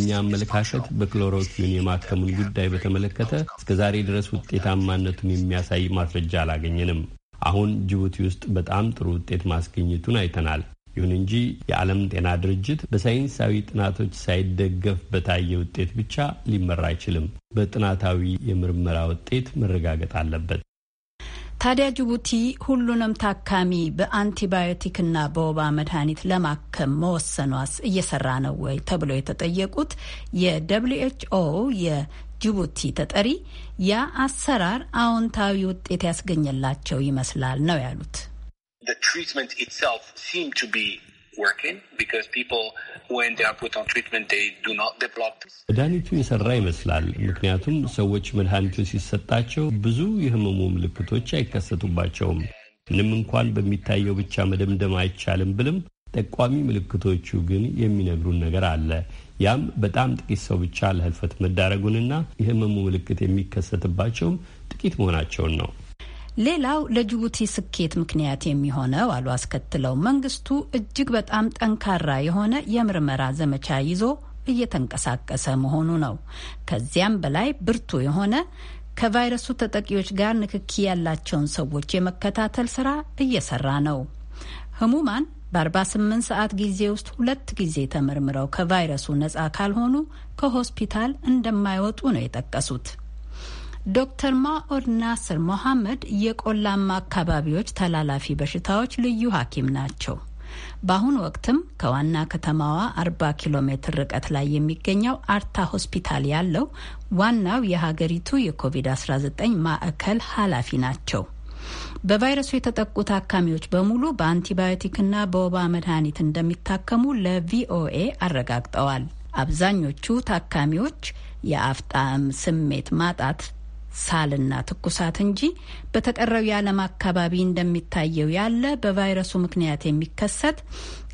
እኛ አመለካከት በክሎሮኪን የማከሙን ጉዳይ በተመለከተ እስከ ዛሬ ድረስ ውጤታማነቱን የሚያሳይ ማስረጃ አላገኘንም። አሁን ጅቡቲ ውስጥ በጣም ጥሩ ውጤት ማስገኘቱን አይተናል። ይሁን እንጂ የዓለም ጤና ድርጅት በሳይንሳዊ ጥናቶች ሳይደገፍ በታየ ውጤት ብቻ ሊመራ አይችልም። በጥናታዊ የምርመራ ውጤት መረጋገጥ አለበት። ታዲያ ጅቡቲ ሁሉንም ታካሚ በአንቲባዮቲክና በወባ መድኃኒት ለማከም መወሰኗስ እየሰራ ነው ወይ ተብሎ የተጠየቁት የደብሊዩ ኤች የጅቡቲ ተጠሪ ያ አሰራር አዎንታዊ ውጤት ያስገኘላቸው ይመስላል ነው ያሉት። working because people when they are put on treatment they do not develop. መድኃኒቱ የሰራ ይመስላል። ምክንያቱም ሰዎች መድኃኒቱ ሲሰጣቸው ብዙ የህመሙ ምልክቶች አይከሰቱባቸውም። ምንም እንኳን በሚታየው ብቻ መደምደም አይቻልም ብልም ጠቋሚ ምልክቶቹ ግን የሚነግሩን ነገር አለ። ያም በጣም ጥቂት ሰው ብቻ ለህልፈት መዳረጉንና የህመሙ ምልክት የሚከሰትባቸውም ጥቂት መሆናቸውን ነው። ሌላው ለጅቡቲ ስኬት ምክንያት የሚሆነው አሉ አስከትለው መንግስቱ እጅግ በጣም ጠንካራ የሆነ የምርመራ ዘመቻ ይዞ እየተንቀሳቀሰ መሆኑ ነው። ከዚያም በላይ ብርቱ የሆነ ከቫይረሱ ተጠቂዎች ጋር ንክኪ ያላቸውን ሰዎች የመከታተል ስራ እየሰራ ነው። ህሙማን በ48 ሰዓት ጊዜ ውስጥ ሁለት ጊዜ ተመርምረው ከቫይረሱ ነጻ ካልሆኑ ከሆስፒታል እንደማይወጡ ነው የጠቀሱት። ዶክተር ማኦድ ናስር ሞሐመድ የቆላማ አካባቢዎች ተላላፊ በሽታዎች ልዩ ሐኪም ናቸው። በአሁኑ ወቅትም ከዋና ከተማዋ 40 ኪሎ ሜትር ርቀት ላይ የሚገኘው አርታ ሆስፒታል ያለው ዋናው የሀገሪቱ የኮቪድ-19 ማዕከል ኃላፊ ናቸው። በቫይረሱ የተጠቁ ታካሚዎች በሙሉ በአንቲባዮቲክና በወባ መድኃኒት እንደሚታከሙ ለቪኦኤ አረጋግጠዋል። አብዛኞቹ ታካሚዎች የአፍጣም ስሜት ማጣት ሳልና ትኩሳት እንጂ በተቀረው የዓለም አካባቢ እንደሚታየው ያለ በቫይረሱ ምክንያት የሚከሰት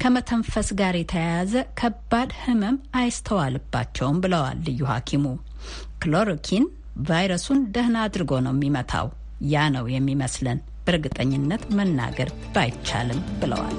ከመተንፈስ ጋር የተያያዘ ከባድ ህመም አይስተዋልባቸውም ብለዋል ልዩ ሐኪሙ። ክሎሮኪን ቫይረሱን ደህና አድርጎ ነው የሚመታው። ያ ነው የሚመስለን በእርግጠኝነት መናገር ባይቻልም ብለዋል።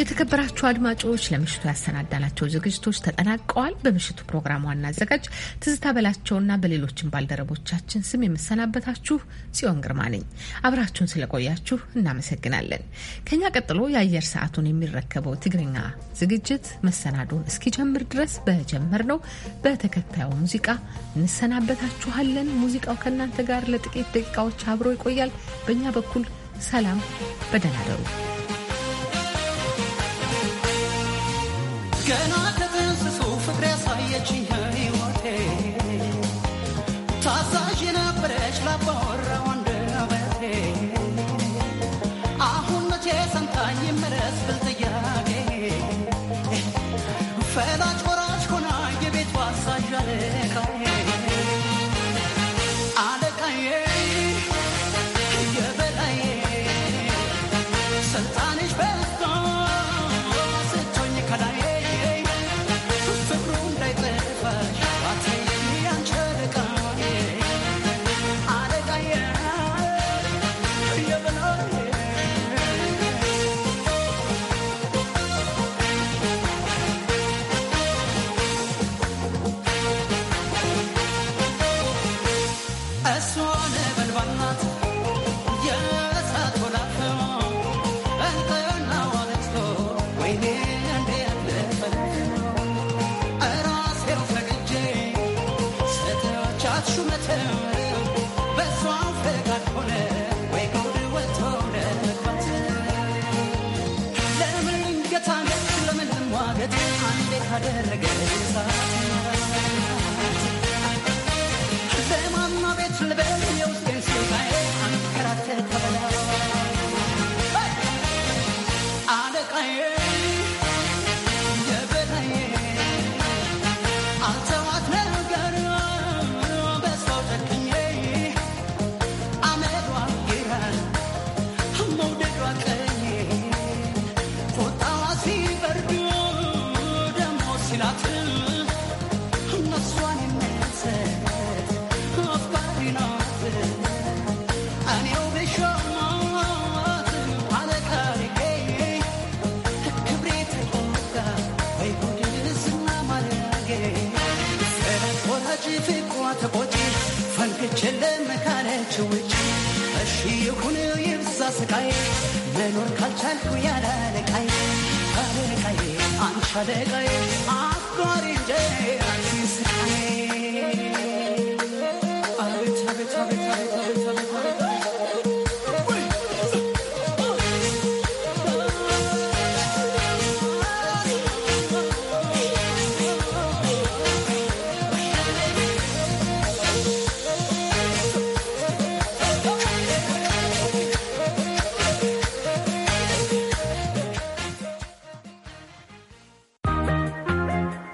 የተከበራችሁ አድማጮች ለምሽቱ ያሰናዳናቸው ዝግጅቶች ተጠናቀዋል። በምሽቱ ፕሮግራም ዋና አዘጋጅ ትዝታ በላቸውና በሌሎችን ባልደረቦቻችን ስም የምሰናበታችሁ ጽዮን ግርማ ነኝ። አብራችሁን ስለቆያችሁ እናመሰግናለን። ከኛ ቀጥሎ የአየር ሰዓቱን የሚረከበው ትግርኛ ዝግጅት መሰናዶን እስኪጀምር ድረስ በጀመርነው በተከታዩ ሙዚቃ እንሰናበታችኋለን። ሙዚቃው ከእናንተ ጋር ለጥቂት ደቂቃዎች አብሮ ይቆያል። በእኛ በኩል ሰላም፣ በደህና ገና ተገንዝፎ ፍቅር ያሳየችኝ ህይወቴ ታዛዥ የነበረች ላባወራ ወንድ አበቴ አሁን መቼ ሰምታኝ ምረስ ብል ጥያቄ I'm ስቃይ መኖር ካልቻልኩ ያለ አለቃይ አንቺ አለቃይ አፍቃሪ እንጂ